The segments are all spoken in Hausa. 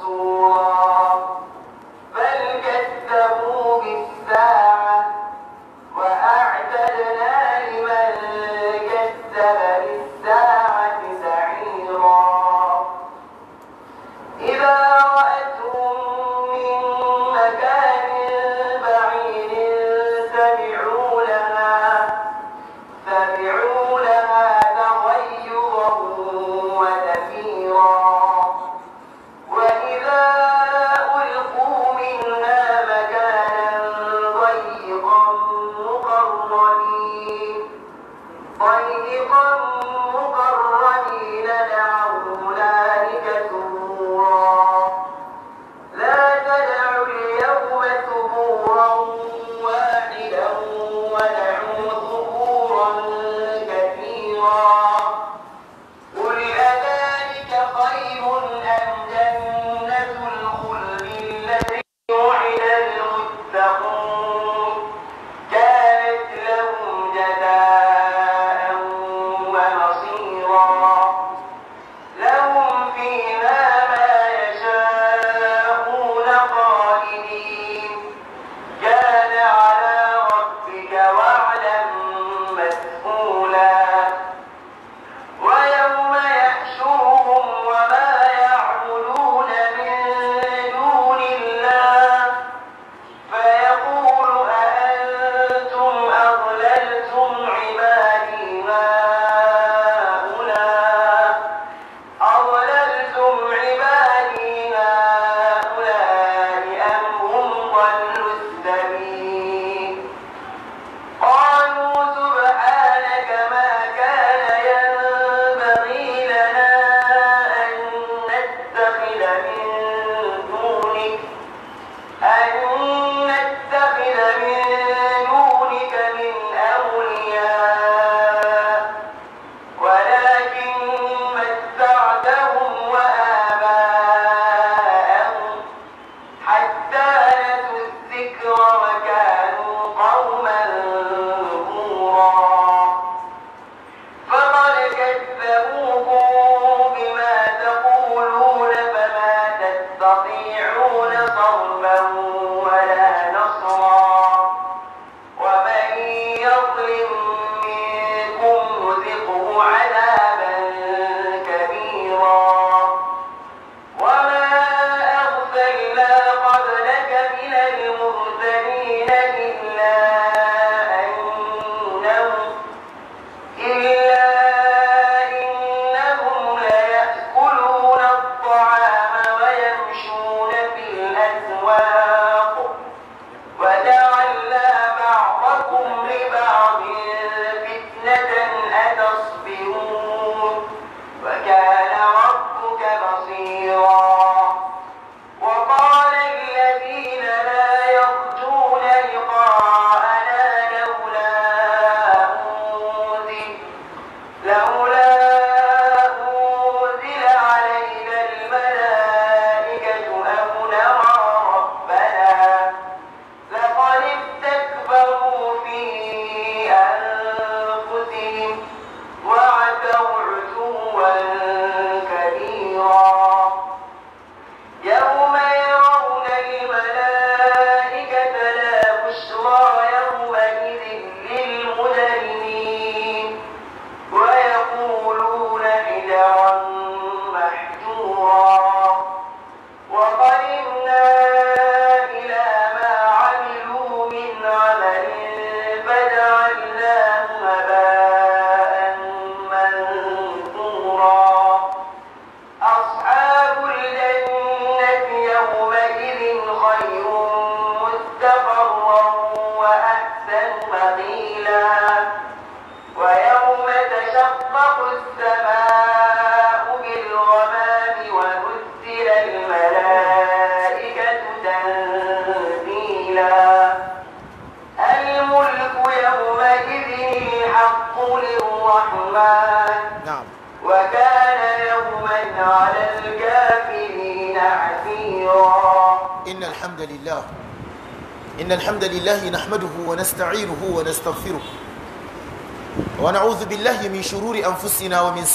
说。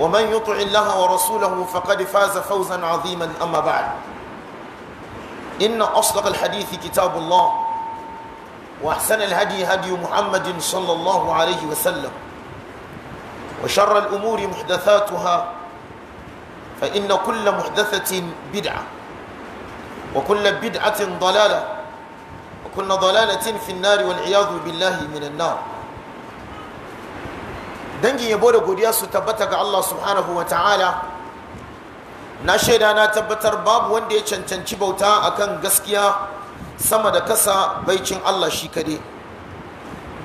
ومن يطع الله ورسوله فقد فاز فوزا عظيما أما بعد إن أصدق الحديث كتاب الله وأحسن الهدي هدي محمد صلى الله عليه وسلم وشر الأمور محدثاتها فإن كل محدثة بدعة وكل بدعة ضلالة وكل ضلالة في النار والعياذ بالله من النار dangin yabo da godiya su tabbata ga Allah subhanahu wa ta'ala na shaida na tabbatar babu wanda ya cancanci bauta akan gaskiya sama da kasa baicin Allah shi kade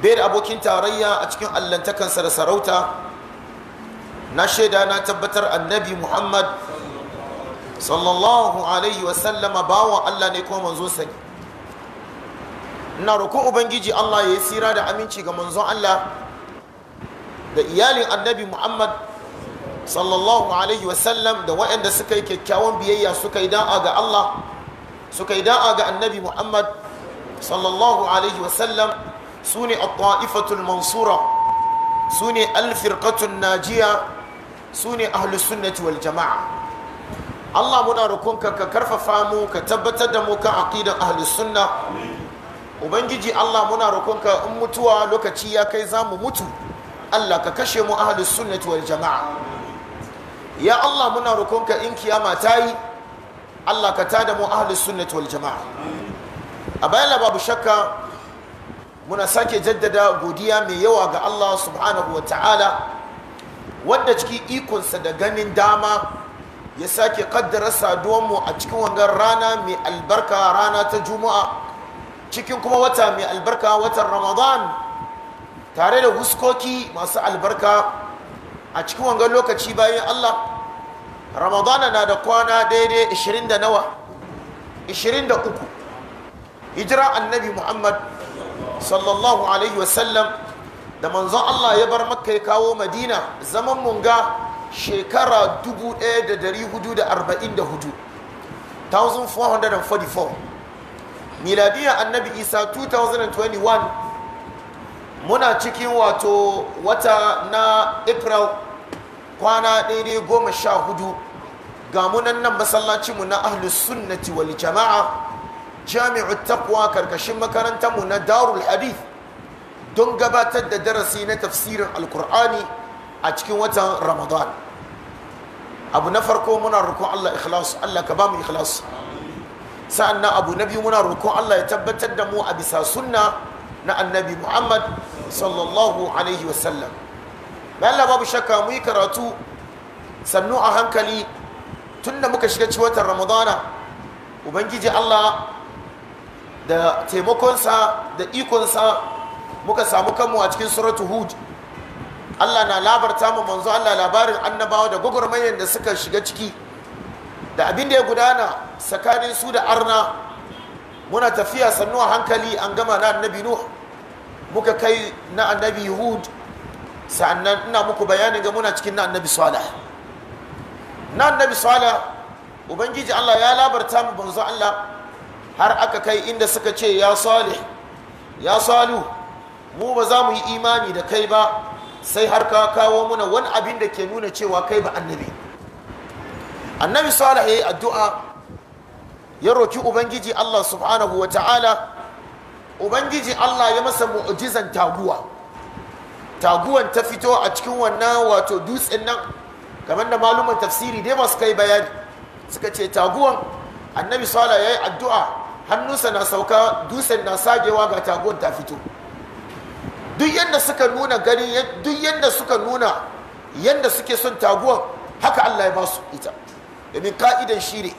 bai da abokin tarayya a cikin allantakansa da sarauta na shaida na tabbatar annabi Muhammad sallallahu alaihi wasallama bawan Allah ne kuma manzo sani ina roƙon ubangiji Allah ya yi tsira da aminci ga manzon Allah da iyalin annabi muhammad sallallahu alaihi wasallam da waɗanda suka yi kyakkyawan biyayya suka yi da'a ga allah suka yi da'a ga annabi muhammad sallallahu alaihi wasallam su ne a ta'ifatul mansura su ne alfirkatun najiya su ne ahlussunnati wal jama'a allah muna rukunka ka karfafa mu ka tabbatar da mu kan aqidan ahlus ubangiji allah muna rukunka in mutuwa lokaci ya kai za mu mutu Allah ka kashe mu ahlus sunnati wal jama'a ya Allah muna rokonka in kiyama ta yi. Allah ka tada mu ahlus sunnati wal jama'a a bayan babu shakka muna sake jaddada godiya mai yawa ga Allah subhanahu wa ta'ala wadda cikin ikonsa da ganin dama ya sake kaddara saduwan mu a cikin wangan rana mai albarka rana ta juma'a cikin kuma wata mai albarka watan ramadan tare da huskoki masu albarka a cikin wangan lokaci bayan Allah ramadana na da kwana daidai 20 da nawa 23 hijira annabi muhammad sallallahu alaihi wasallam da manzon Allah ya bar makka ya kawo madina zaman munga shekara 1444 1444 miladiyar annabi isa 2021 muna cikin wato wata na april kwana daidai goma sha hudu ga munan nan masallacinmu na ahlus sunnati wal jama'a jami'u tafwa karkashin makarantarmu na darul hadith don gabatar da darasi na tafsirin alkur'ani a cikin watan ramadan abu na farko muna roƙon allah ikhlas allah ka ba mu ikhlas sa'annan abu na biyu muna roƙon allah ya tabbatar da mu a bisa sunna na annabi muhammad sallallahu alaihi wasallam Allah babu shakka mu yi karatu sannu a hankali tun da muka shiga watan ramadana ubangiji Allah da taimakonsa da ikonsa muka samu kanmu a cikin suratu hud Allah na labarta mu manzo Allah labarin annabawa da gwagwarmayar da suka shiga ciki da abin da ya gudana tsakanin su da arna muna tafiya sannu a hankali an gama na annabi nuh muka kai na annabi hud sannan ina muku bayanin ga muna cikin na annabi salih na annabi salih ubangiji allah ya labarta mu banzu allah har aka kai inda suka ce ya salih ya salu mu ba za mu yi imani da kai ba sai har ka kawo muna wani abin da ke nuna cewa kai ba annabi annabi salih ya yi addu'a ya roki ubangiji allah subhanahu wa ta'ala ubangiji Allah ya masa mu'jizan taguwa taguwan ta fito a cikin wannan wato dutsen nan kamar da maluman tafsiri dai masu kai bayani suka ce taguwan annabi sala ya yi addu'a hannunsa na sauka dutsen na sagewa ga taguwan ta fito duk yadda suka nuna gani duk yadda suka nuna yadda suke son taguwan haka Allah ya ba su ita domin ka'idan shi ne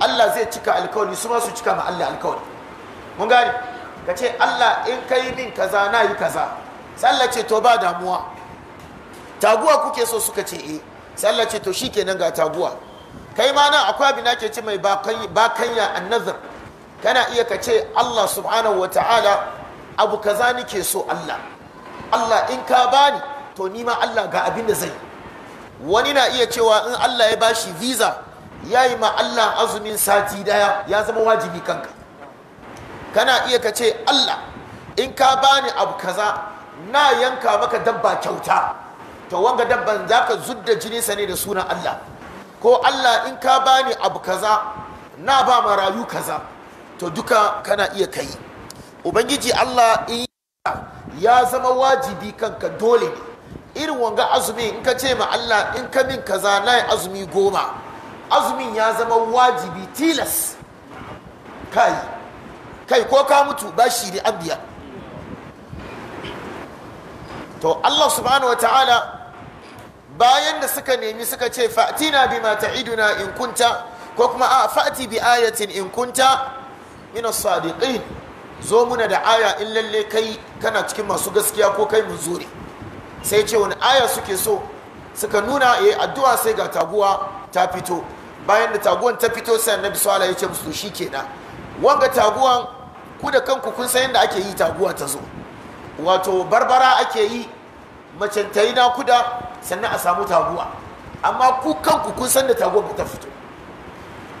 Allah zai cika alkawari su ma su cika ma Allah alkawari mun gani. ka ce Allah in ka yi min kaza na yi kaza sallah ce to ba damuwa taguwa kuke so suka ce e sallah ce to nan ga taguwa kai ma nan akwai abin ake ce mai bakanya annazar kana iya ka ce Allah subhanahu wa ta'ala abu kaza nike so Allah Allah in ka bani to ni ma Allah ga abin da zai wani na iya cewa in Allah ya bashi visa ya yi ma Allah azumin sati daya ya zama wajibi kanka kana iya ka ce Allah in ka bani abu kaza na yanka maka dabba kyauta to wanga dabban zaka zudda jini ne da sunan Allah ko Allah in ka bani abu kaza na ba marayu kaza to duka kana iya kai ubangiji Allah in ya zama wajibi kanka dole ne irin wanga azumi in ka ce ma Allah in ka min kaza na yi azumi goma azumin ya zama wajibi tilas kai kai ko ka mutu bashi da an biya to Allah subhanahu wa ta'ala bayan da suka nemi suka ce fa'tina bima ta'iduna in kunta ko kuma a fa'ti bi ayatin in kunta min as-sadiqin zo muna da aya in lalle kai kana cikin masu gaskiya ko kai mun zure sai ce wani aya suke so suka nuna eh addu'a sai ga taguwa ta fito bayan da taguwan ta fito sai annabi sallallahu alaihi wasallam ya ce musu shikenan wanga taguwan ku da kanku kun san yadda ake yi taguwa ta zo wato barbara ake yi macen ta yi nakuda sannan a samu taguwa amma ku kanku kun san da taguwa ta fito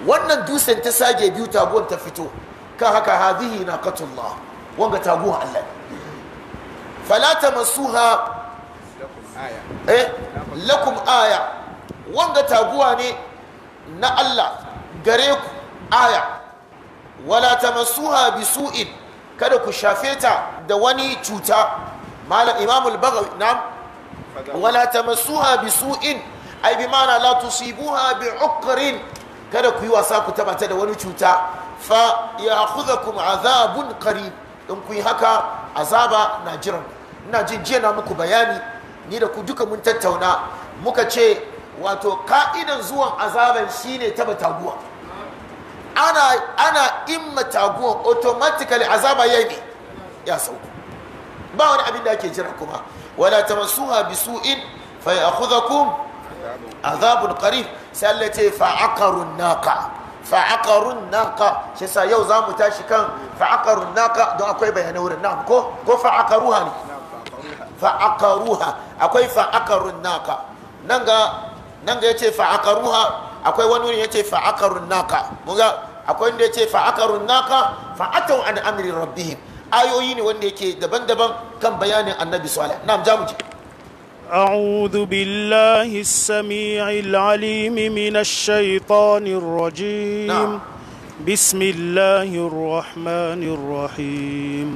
wannan dusan ta sage biyu taguwar ta fito kan haka hadihi na katullah wanga taguwa Allah fala masu eh lakum aya wanga taguwa ne na Allah gare ku aya wala tamassuha bisu'in kada ku shafe ta da wani cuta malam imam al-baghawi na'am wala tamassuha bisu'in ai bi ma'ana la tusibuha kada ku yi wasa ku taba ta da wani cuta fa ya'khudhukum azabun qarib in kuyi haka azaba na jiran ina jin jiya na muku bayani ni da ku duka mun tattauna muka ce wato ka'idan zuwan azaban shine taba taguwa ana ana imma taguwan automatically azaba ya ne ya sauko ba wani abin da ake jira kuma wala tamassuha bisu'in fayakhudhukum azabun qarib sai Allah ce fa'aqarun naqa fa'aqarun naqa shi sa yau mu tashi kan fa'aqarun naqa don akwai bayanai wurin nan ko ko fa'aqaruha ne fa'aqaruha akwai fa'aqarun naqa nan ga nan ga yace akwai wani wani yace fa akarun naka muga akwai wanda yace fa akarun naka fa atau an amri rabbihim ayoyi ne wanda yake daban-daban kan bayanin annabi salih na'am ja mu ji أعوذ بالله السميع العليم من الشيطان الرجيم بسم الله الرحمن الرحيم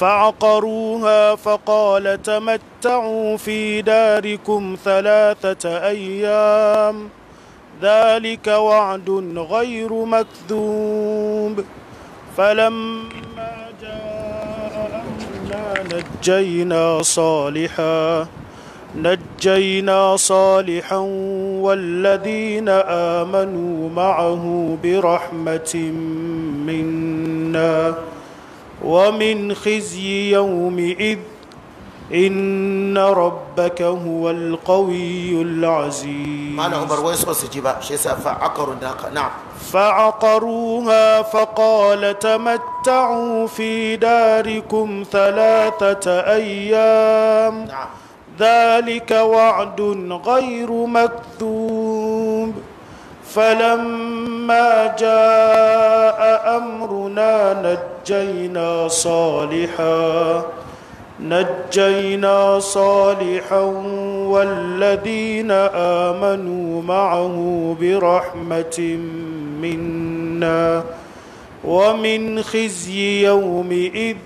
فعقروها فقال تمتعوا في داركم ثلاثة أيام ذلك وعد غير مكذوب فلما جاء أمرنا نجينا صالحا نجينا صالحا والذين آمنوا معه برحمة منا ومن خزي يومئذ إن ربك هو القوي العزيز معنى عمر ويس وسجيبا شيسا فعقروا نعم فعقروها فقال تمتعوا في داركم ثلاثة أيام نعم ذلك وعد غير مكذوب فلما جاء أمرنا نجينا صالحاً نجينا صالحا والذين امنوا معه برحمه منا ومن خزي يومئذ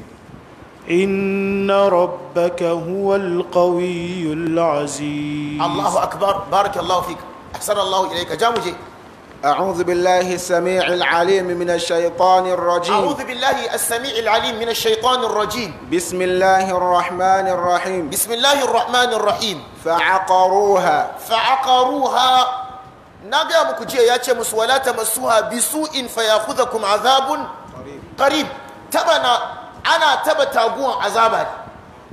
ان ربك هو القوي العزيز الله اكبر بارك الله فيك احسن الله اليك جامجي أعوذ بالله السميع العليم من الشيطان الرجيم أعوذ بالله السميع العليم من الشيطان الرجيم بسم الله الرحمن الرحيم بسم الله الرحمن الرحيم فعقروها فعقروها نجا مكجي ياتي ولا تمسوها بسوء فياخذكم عذاب قريب قريب تبنا أنا تبى تابون عذابني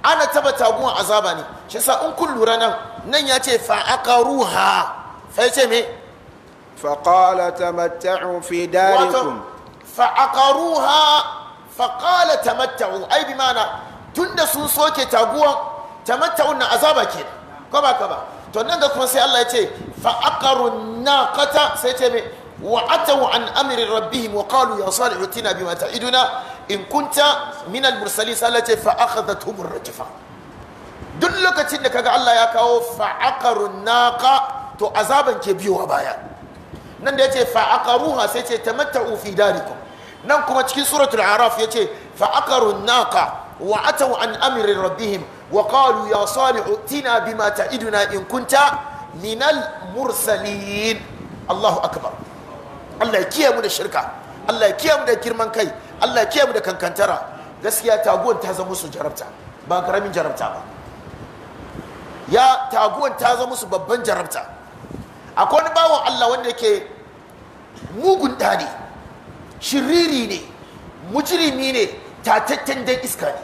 أنا تبى تابون عذابني شسا أن كل رنا يا ياتي فعقروها فيتي فقال تمتعوا في داركم فعقروها فقال تمتعوا أي بمعنى تند سنسوك تاقوا تمتعوا عذابا كده كما كما تنند كون سي الله يتي فعقروا الناقه سيتي وعتوا عن امر ربهم وقالوا يا صالح اتنا بما تعدنا ان كنت من المرسلين سألت فأخذتهم الرجفة دلك تنك الله يا كاو فعقروا الناقة تو عذابا كبيوها بايا nan da ya ce aqaruha sai ce tamatta'u ufi darikum nan kuma cikin suratul araf ce, fa aqaru naqa wa atau an amirin rabihim wa qalu ya salihu tina mata iduna in kunta minal mursalin Allahu akbar Allah ya kiyaye mu da shirka Allah ya kiyaye mu da girman kai Allah ya kiyaye mu da kankantara gaskiya taguwan ta zama su jarabta ba karamin jarabta ba ya taguwan ta zama su babban jarabta akwai wani bawan Allah wanda yake mugun ɗari shiriri ne mujirimi ne tatatten dan iska ne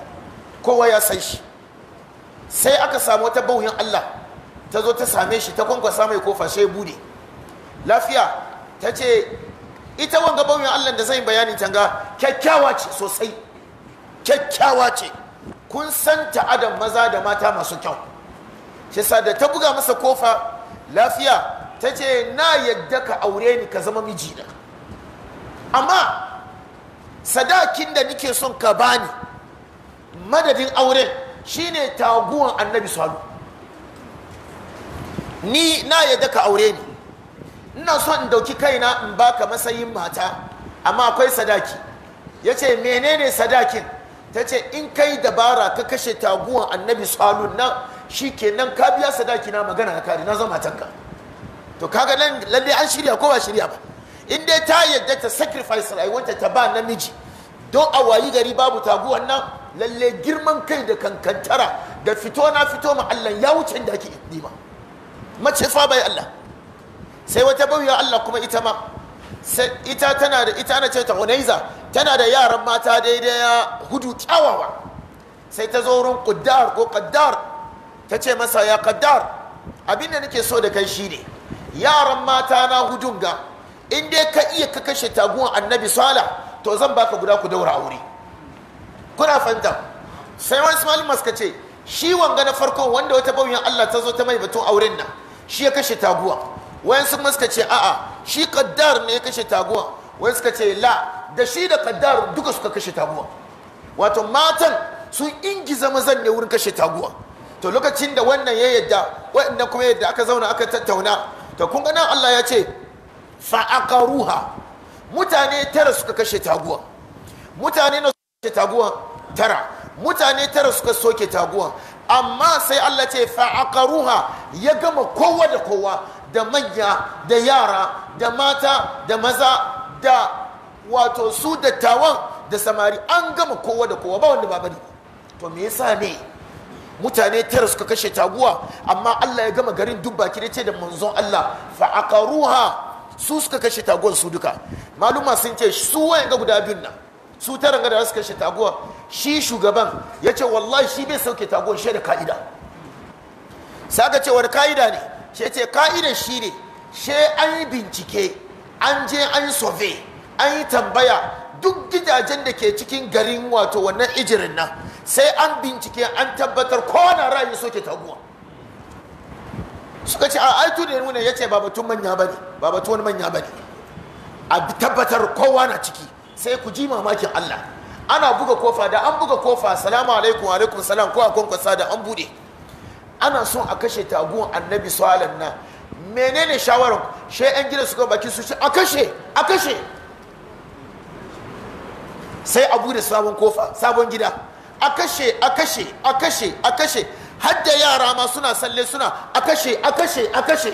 kowa ya san shi sai aka samu wata bauhin Allah ta zo ta same shi ta kwankwasa mai kofa sai bude lafiya ta ce ita wanga bauhin Allah da zai bayani tanga kyakkyawa ce sosai kyakkyawa ce kun san ta adam maza da mata masu kyau shi da ta buga masa kofa lafiya ta ce na yadda ka aure ni ka zama mijina amma sadakin da nike son ka bani madadin auren shine taguwan annabi salu ni na yadda ka aure ni ina son in dauki kaina in baka matsayin mata amma akwai sadaki ya ce menene sadakin ta ce in kai dabara ka kashe taguwan annabi salu nan shi kenan ka biya sadaki na magana na kare na zama tanka to kaga nan lalle an shirya ko ba shirya ba in dai ta yadda ta sacrifice rayuwarta ta ba namiji don a wayi gari babu taguwan nan lalle girman kai da kankantara da fito na fito ma Allah ya wuce da ake ba mace fa bai Allah sai wata bauya Allah kuma ita ma sai ita tana da ita na ce ta Unaiza tana da yaran mata daidai ya hudu kyawawa sai ta zo wurin ko Qaddar ta ce masa ya Qaddar abin da nake so da kai shine yaran mata na hujun ga in dai ka iya ka kashe taguwan annabi sala to zan baka guda ku daura aure kuna fanta sai wani smalin maska ce shi wanga na farko wanda wata bauyin allah ta zo ta mai batun auren nan shi ya kashe taguwa wayan sun maska ce a'a shi kaddar ne ya kashe taguwa wayan suka ce la da shi da kaddar duka suka kashe taguwa wato matan sun ingiza mazan ne wurin kashe taguwa to lokacin da wannan ya yadda waɗannan kuma yadda aka zauna aka tattauna ta kun nan Allah ya ce fa'aqaruha mutane tara suka kashe taguwa mutane na suka kashe taguwa tara mutane tara suka soke taguwa amma sai Allah ce fa'aqaruha ya gama kowa da kowa da manya da yara da mata da maza da wato su da dattawan da samari an gama kowa da kowa ba wanda ba bari to me yasa ne mutane tara suka kashe taguwa amma Allah ya gama garin duk baki ce da manzon Allah fa aqaruha su suka kashe taguwar su duka maluma sun ce su wayan ga guda biyun nan su tara ga da suka kashe taguwa shi shugaban yace wallahi shi bai sauke taguwar shi da ka'ida saka cewar ka'ida ne shi yace ka'idar shi ne she an yi bincike an je an yi survey an yi tambaya duk gidajen da ke cikin garin wato wannan ijirin nan sai an bincike an tabbatar kowane rayu soke taguwa suka ce a aito da nuna ya ce ba batun manya ba ne ba batun wani manya ba ne a tabbatar kowa na ciki sai ku ji mamakin allah ana buga kofa da an buga kofa salamu alaikum alaikum salam ko a kwankwasa da an bude ana son a kashe taguwan annabi salan na menene shawarar shi yan gida suka baki su ce a kashe a kashe sai a bude sabon kofa sabon gida a kashe a kashe a kashe a kashe hadda yara ma suna salle suna a kashe a kashe a kashe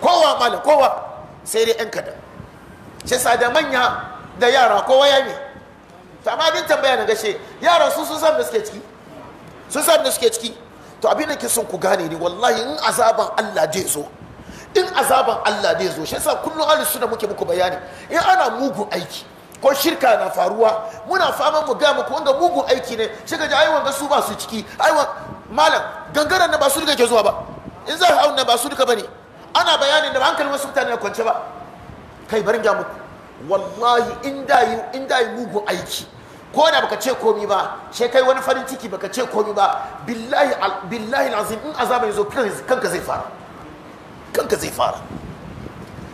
kowa mala kowa sai dai yan kadan shi sa da manya da yara kowa ya ne to amma abin tambaya na gashe yaran su sun san da suke ciki sun san da suke ciki to abin da ke sun ku gane ne wallahi in azaban Allah zai zo in azaban Allah zai zo shi yasa kullum ahlus sunna muke muku bayani in ana mugun aiki ko shirka na faruwa muna faman mu ga muku wanga mugun aiki ne sai ka ji ai su ba su ciki ai malam gangaren na ba su duka ke zuwa ba in za hawan na ba su duka bane ana bayanin da hankalin wasu mutane na kwance ba kai barin ga muku wallahi in da yi in da yi mugun aiki ko da baka ce komi ba sai kai wani farin ciki baka ce komi ba billahi billahi azim in azaba yazo kanka zai fara kanka zai fara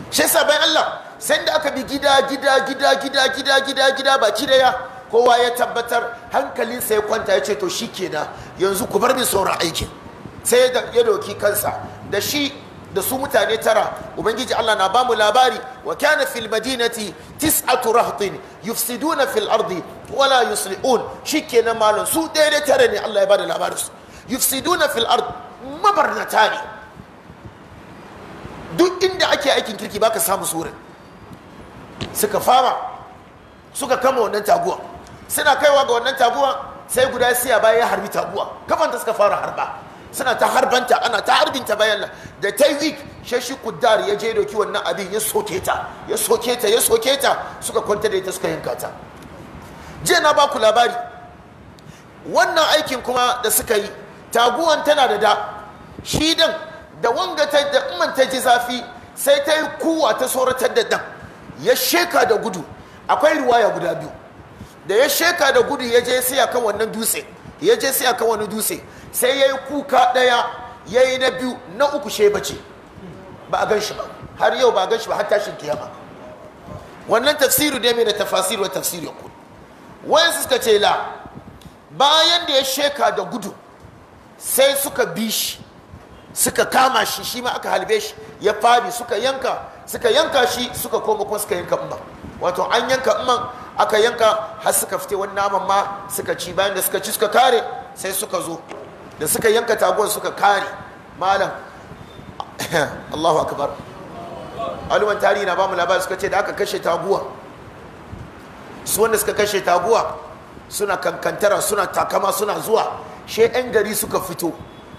shi yasa bayan Allah sai da aka bi gida gida gida gida gida gida gida baki daya kowa ya tabbatar hankalinsa ya kwanta ya ce to shi kenan yanzu ku bar ni sauran aikin sai ya doki kansa da shi da su mutane tara ubangiji Allah na bamu labari wa kana fil madinati tis'atu rahtin yufsiduna fil ardi wala yuslihun shikenan malam su daidai tare ne Allah ya bada labarin su yufsiduna fil ard mabarnata ne duk inda ake aikin kirki baka samu surin suka fara suka kama wannan taguwa suna kaiwa ga wannan taguwa sai guda siya bayan ya harbi taguwa kafanta suka fara harba suna ta harbanta ana ta harbinta bayan da ta yi wik shashi kuddar ya je doki wannan abin ya soke ta ya soke ta ya soke ta suka kwanta da ita suka yanka ta je na ba ku labari wannan aikin kuma da suka yi taguwan tana da da shi da wanga ta da umman ta ji zafi sai ta yi kuwa ta tsoratar da dan ya sheka da gudu akwai riwaya guda biyu da ya sheka da gudu ya je sai akan wannan dutse ya je sai akan wani dutse sai ya yi kuka ɗaya ya yi na biyu na uku she bace ba a gan shi ba har yau ba a gan shi ba har tashin kiyama wannan tafsiru ne mai da tafasiru wata tafsiru ya kudu wayan suka ce la bayan da ya sheka da gudu sai suka bi shi suka kama shi shi ma aka halbe shi ya fadi suka yanka suka yanka shi suka koma kuma suka yanka umar wato an yanka umar aka yanka har suka fite wani naman ma suka ci bayan da suka ci suka kare sai suka zo da suka yanka tagon suka kare malam Allahu akbar aluman tarihi na bamu labari suka ce da aka kashe taguwa su wanda suka kashe taguwa suna kankantara suna takama suna zuwa shi yan gari suka fito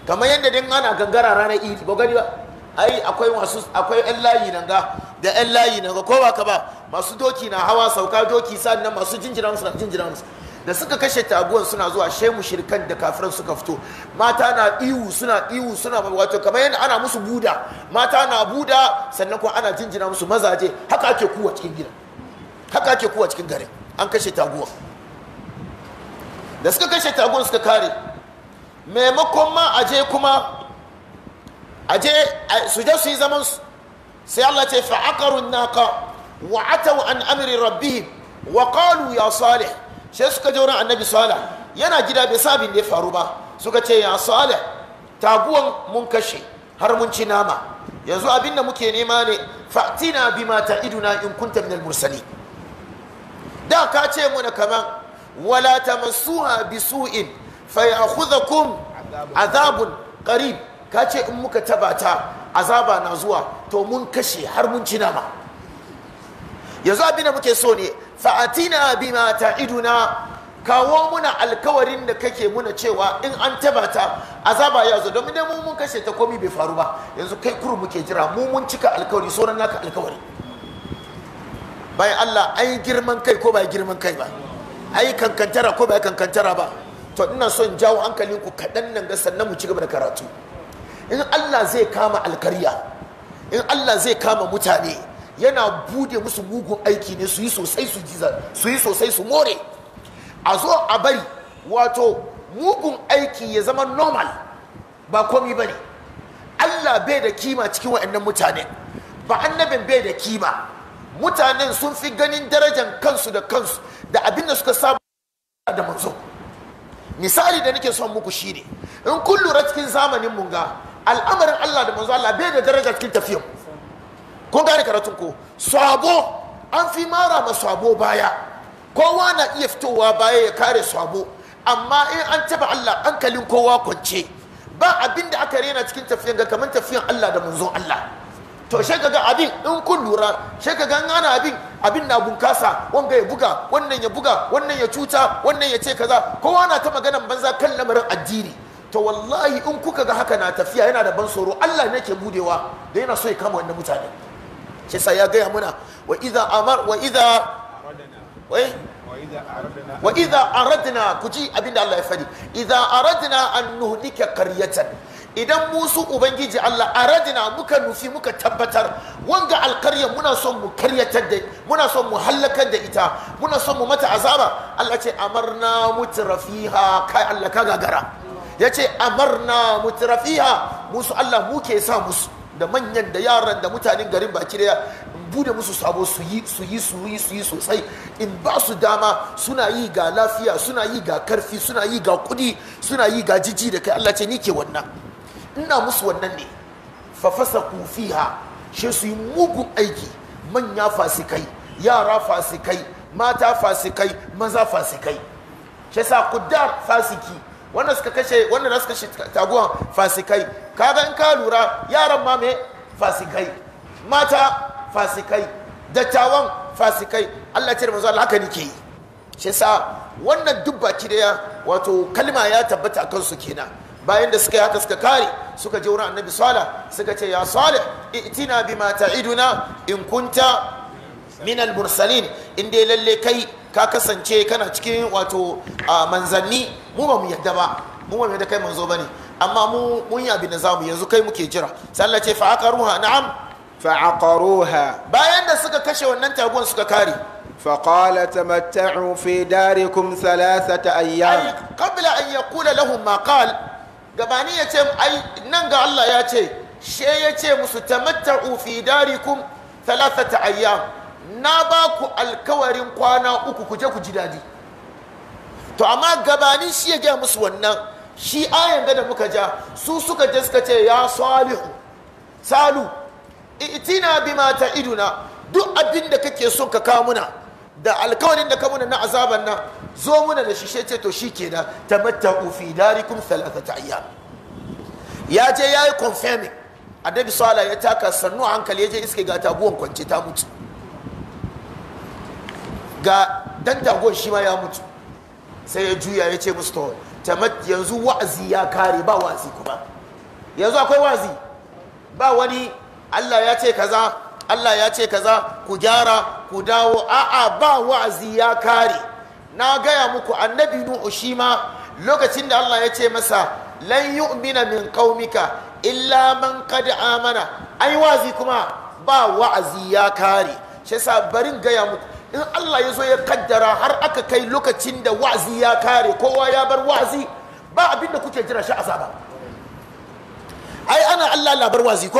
kamar yadda din ana gangara ranar idi ba gani ba ai akwai masu akwai yan layi nan ga da yan layi nan ga kowa ka ba masu doki na hawa sauka doki sannan masu jinjiran su jinjiran su da suka kashe taguwan suna zuwa shemu shirkan da kafiran suka fito mata na iwu suna iwu suna wato kamar yadda ana musu buda mata na buda sannan kuma ana jinjina musu mazaje haka ake kuwa cikin gida haka ake kuwa cikin gare an kashe taguwan da suka kashe taguwan suka kare maimakon ma aje kuma aje su je su yi zaman su sai Allah ce fa'akarun naka wa atau an amri rabbihim wa qalu ya salih sai suka je wurin annabi salih yana gida bai sabin da ya faru ba suka ce ya salih taguwan mun kashe har mun ci nama yanzu abin da muke nema ne fa'tina bima ta'iduna in kunta minal mursali da ka ce mana kaman wala tamassuha in fa ya'khudhukum azabun qarib ka ce in muka taba ta azaba na zuwa to mun kashe har mun ci nama yanzu abin da muke so ne fa'atina ma ta'iduna kawo muna alkawarin da kake muna cewa in an taba ta azaba ya zo domin dai mu mun kashe ta komi bai faru ba yanzu kai kuru muke jira mu mun cika alkawari sauran naka alkawari bayan Allah ai girman kai ko ba girman kai ba ai kankantara ko ba kankantara ba to ina so son jawo hankalinku kaɗan nan ga sannan mu ci gaba da karatu in Allah zai kama alkarya in Allah zai kama mutane yana bude musu mugun aiki ne su yi sosai su jiza su yi sosai su more a zo a bari wato mugun aiki ya zama normal ba komi ba ne Allah bai da kima cikin wa'annan mutane ba annabin bai da kima mutanen sun fi ganin darajan kansu da kansu da abin da suka samu da manzo misali da nake son muku shine in kun lura cikin zamanin munga al'amarin Allah da manzo Allah bai da daraja cikin tafiya kun gane karatun ko sabo an fi mara ma sabo baya kowa na iya fitowa baya ya kare sabo amma in an taba Allah an kalin kowa kwance ba abin da aka rena cikin tafiyan ga kamar tafiyan Allah da manzon Allah to shi kaga abin in kun lura shi kaga ana abin abin na bunkasa wanga ya buga wannan ya buga wannan ya cuta wannan ya ce kaza kowa na ta maganan banza kan lamarin addini to wallahi in kuka ga haka na tafiya yana da ban tsoro Allah ne ke budewa da yana so ya kama wannan mutane shi sa ya gaya muna wa idza amar wa idza wai wa idza aradna ku ji abinda Allah ya fadi idza aradna an nuhlika qaryatan idan musu ubangiji Allah aradna muka nufi muka tabbatar wanga alkarya muna son mu karyatar da muna son mu hallakar da ita muna son mu mata azaba Allah ce amarna mutrafiha kai Allah ka gagara ya ce amarna mutrafiha musu Allah muke sa musu da manyan da yaran da mutanen garin baki daya in bude musu sabo su yi su yi su yi su yi sosai in ba su dama suna yi ga lafiya suna yi ga karfi suna yi ga kudi suna yi ga jiji da kai Allah ce ni ke wannan ina musu wannan ne fa fasaku fiha she su yi mugun aiki manya fasikai yara fasikai mata fasikai maza fasikai shi sa kudar fasiki wanda suka kashe wanda za su kashe taguwan fasikai kaga in ka lura yaran ma me fasikai mata fasikai dattawan fasikai Allah ce da manzo Allah haka nake yi shi yasa wannan duk daya wato kalma ya tabbata a kansu kenan bayan da suka yi haka suka kare suka je wurin annabi salih suka ce ya salih itina bima ta'iduna in kunta min al-mursalin in dai lalle kai ka kasance kana cikin wato manzanni mu ba mu yadda ba mu ba mu yadda kai manzo ne. amma mu mun yi abin da za mu yanzu kai muke jira sallah ce fa aqaruha na'am fa aqaruha bayan da suka kashe wannan taguwan suka kare fa qala tamatta'u fi darikum thalathata ayyam qabla an yaqula lahum ma qal gabani yace ai nan ga Allah ya ce she yace musu tamatta'u fi darikum thalathata ayyam na ba ku alkawarin kwana uku ku je ku ji daɗi to amma gabanin shi ya gaya musu wannan shi ayan da muka ja su suka je suka ce ya salihu salu itina bima ta iduna duk abin da kake son ka kawo muna da alkawarin da ka muna na azaban nan zo muna da shi, sai ce to shi ke kenan tamatta'u fi darikum thalathata ayyam ya je yayi confirming adabi sala ya taka sannu a hankali ya je iske ga tabuwan kwance ta mutu ga dan shi ma ya mutu sai ya juya ya ce musu ta yanzu wa'azi ya kare ba wa'azi kuma yanzu akwai wa'azi ba wani Allah ya ce kaza Allah ya ce kaza ku gyara ku dawo a'a ba wa'azi ya kare na gaya muku annabi nuhu shi ma lokacin da Allah ya ce masa lan yu'mina min qaumika illa man qad amana ai wa'azi kuma ba wa'azi ya kare shi sa barin gaya muku in Allah ya zo ya kaddara har aka kai lokacin da wa'azi ya kare kowa ya bar wa'azi ba abin da kuke jira shi azaba ai ana Allah labar wa'azi ko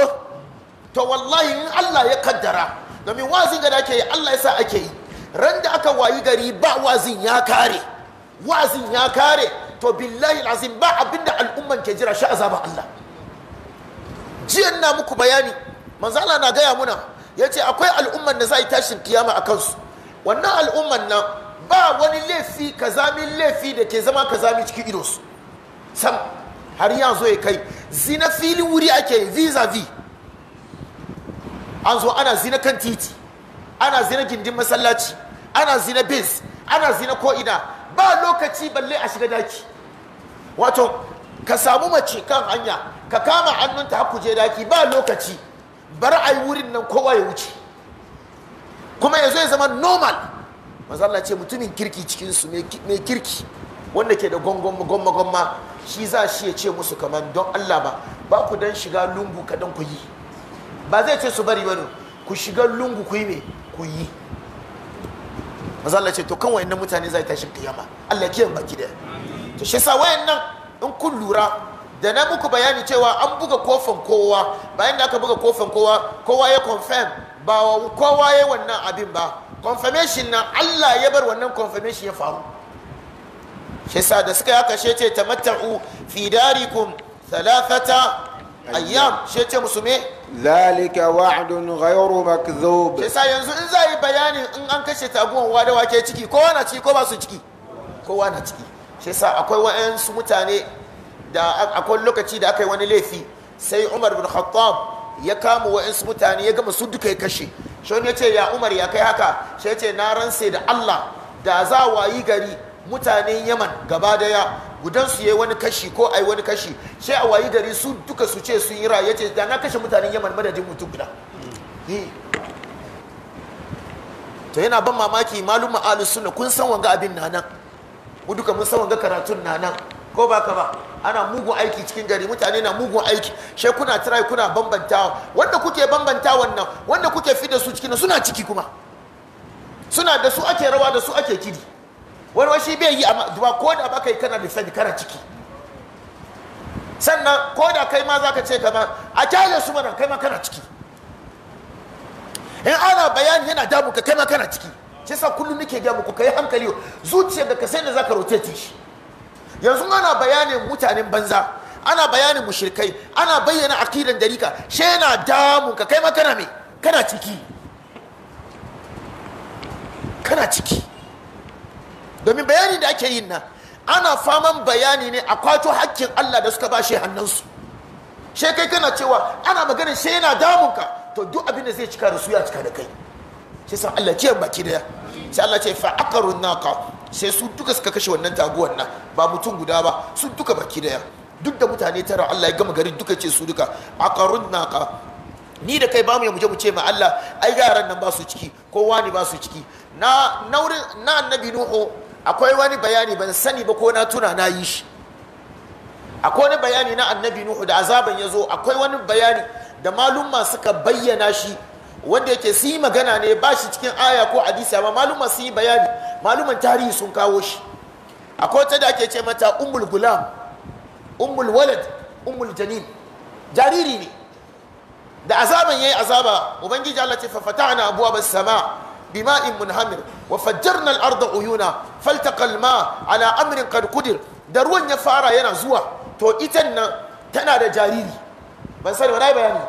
to wallahi in Allah ya kaddara domin wa'azin ga da ake yi Allah ya sa ake yi ran da aka wayi gari ba wa'azin ya kare wa'azin ya kare to billahi azim ba abin da al'umman ke jira shi azaba Allah jiyan na muku bayani manzala na gaya muna ya ce akwai al'umman da za a yi tashin kiyama a kansu wannan al'umman nan ba wani laifi kazamin laifi da ke zama kazami cikin idos. sam har yanzu ya kai zina filin wuri ake yi vis-a-vis an zo ana zina kan titi ana zina gindin masallaci ana zina bis ana zina ko'ina ba lokaci balle a shiga daki wato ka samu mace kan hanya ka kama hannunta har kuje daki ba lokaci bar a wurin nan kowa ya wuce kuma yanzu ya zama normal mazalla ce mutumin kirki cikin su mai kirki wanda ke da gongon gomma shi za shi ya ce musu kaman don Allah ba ba ku dan shiga lungu kadan ku yi ba zai ce su bari wani ku shiga lungu ku yi me ku yi manzo ce to kan wayannan mutane zai tashin kiyama Allah ya baki da to shi sa wayannan in kun lura da na muku bayani cewa an buga kofan kowa bayan da aka buga kofan kowa kowa ya confirm ba wa kowa ya wannan abin ba confirmation na Allah ya bar wannan confirmation ya faru shi sa da suka haka shi ce ta tamatta'u fi darikum thalathata ayyam shi ce musu me zalika wa'dun ghayru makdhub shi sa yanzu in za yi bayani in an kashe taguwan wada wake ciki kowa na ciki ko ba su ciki kowa na ciki shi sa akwai wa'ansu mutane da akwai lokaci da aka yi wani laifi sai Umar bin Khattab ya kama wa'insu mutane ya gama su duka ya kashe shi ya ce ya umar ya kai haka shi ya ce na ranse da allah da za wayi gari mutanen yaman gaba daya gudansu ya yi wani kashi ko a yi wani kashi sai a wayi gari su duka su ce sun yi ra ya ce da na kashe mutanen yaman madadin mutum guda to yana ban mamaki malumma ma'alus suna kun san wanga abin nanan mu duka mun san wanga karatun nanan ko ba ka ba ana mugun aiki cikin gari mutane na mugun aiki shi kuna try kuna bambantawa wanda kuke bambanta wannan wanda kuke fi da su ciki na suna ciki kuma suna da su ake rawa da su ake kidi wani washi bai yi amma ko da baka yi kana da sani kana ciki sannan ko da kai ma zaka ce kama a kyale su mana kai ma kana ciki in ana bayani yana damu ka kai ma kana ciki shi sa kullum nake damu muku kai hankali zuciyar da ka sai da ka rotate shi yanzu ana bayanin mutanen banza ana bayanin mushrikai ana bayyana akidan dalika shi yana damun ka kai ma kana kana ciki kana ciki domin bayani da ake yin na, ana faman bayani ne a kwato hakkin Allah da suka ba shi hannunsu shi kai kana cewa ana maganin shi yana damun ka to duk abin da zai cika da su ya cika da kai shi san Allah ce baki da sai Allah ce fa aqarun naqa sai su duka suka kashe wannan taguwan nan ba mutum guda ba su duka baki daya duk da mutane tara Allah ya gama gari duka ce su duka aqarudna ka ni da kai bamu ya muje mu ce ma Allah ai yaran nan ba su ciki ko wani ba su ciki na naurin na annabi nuhu akwai wani bayani ban sani ba ko na tuna na yi shi akwai wani bayani na annabi nuhu da azaban ya zo akwai wani bayani da malumma suka bayyana shi wanda yake su yi magana ne ba shi cikin aya ko hadisi amma maluman su yi bayani maluman tarihi sun kawo shi akwai wata da ake ce mata ummul gulam ummul walad ummul janin jariri ne da azaban yayi azaba ubangiji Allah ce fafata fata'na abwaaba as-sama bima'in munhamir wa fajjarna al-arda uyuna faltaqa al-ma ala amrin qad qudir da ruwan ya fara yana zuwa to itan nan tana da jariri ban sani wani bayani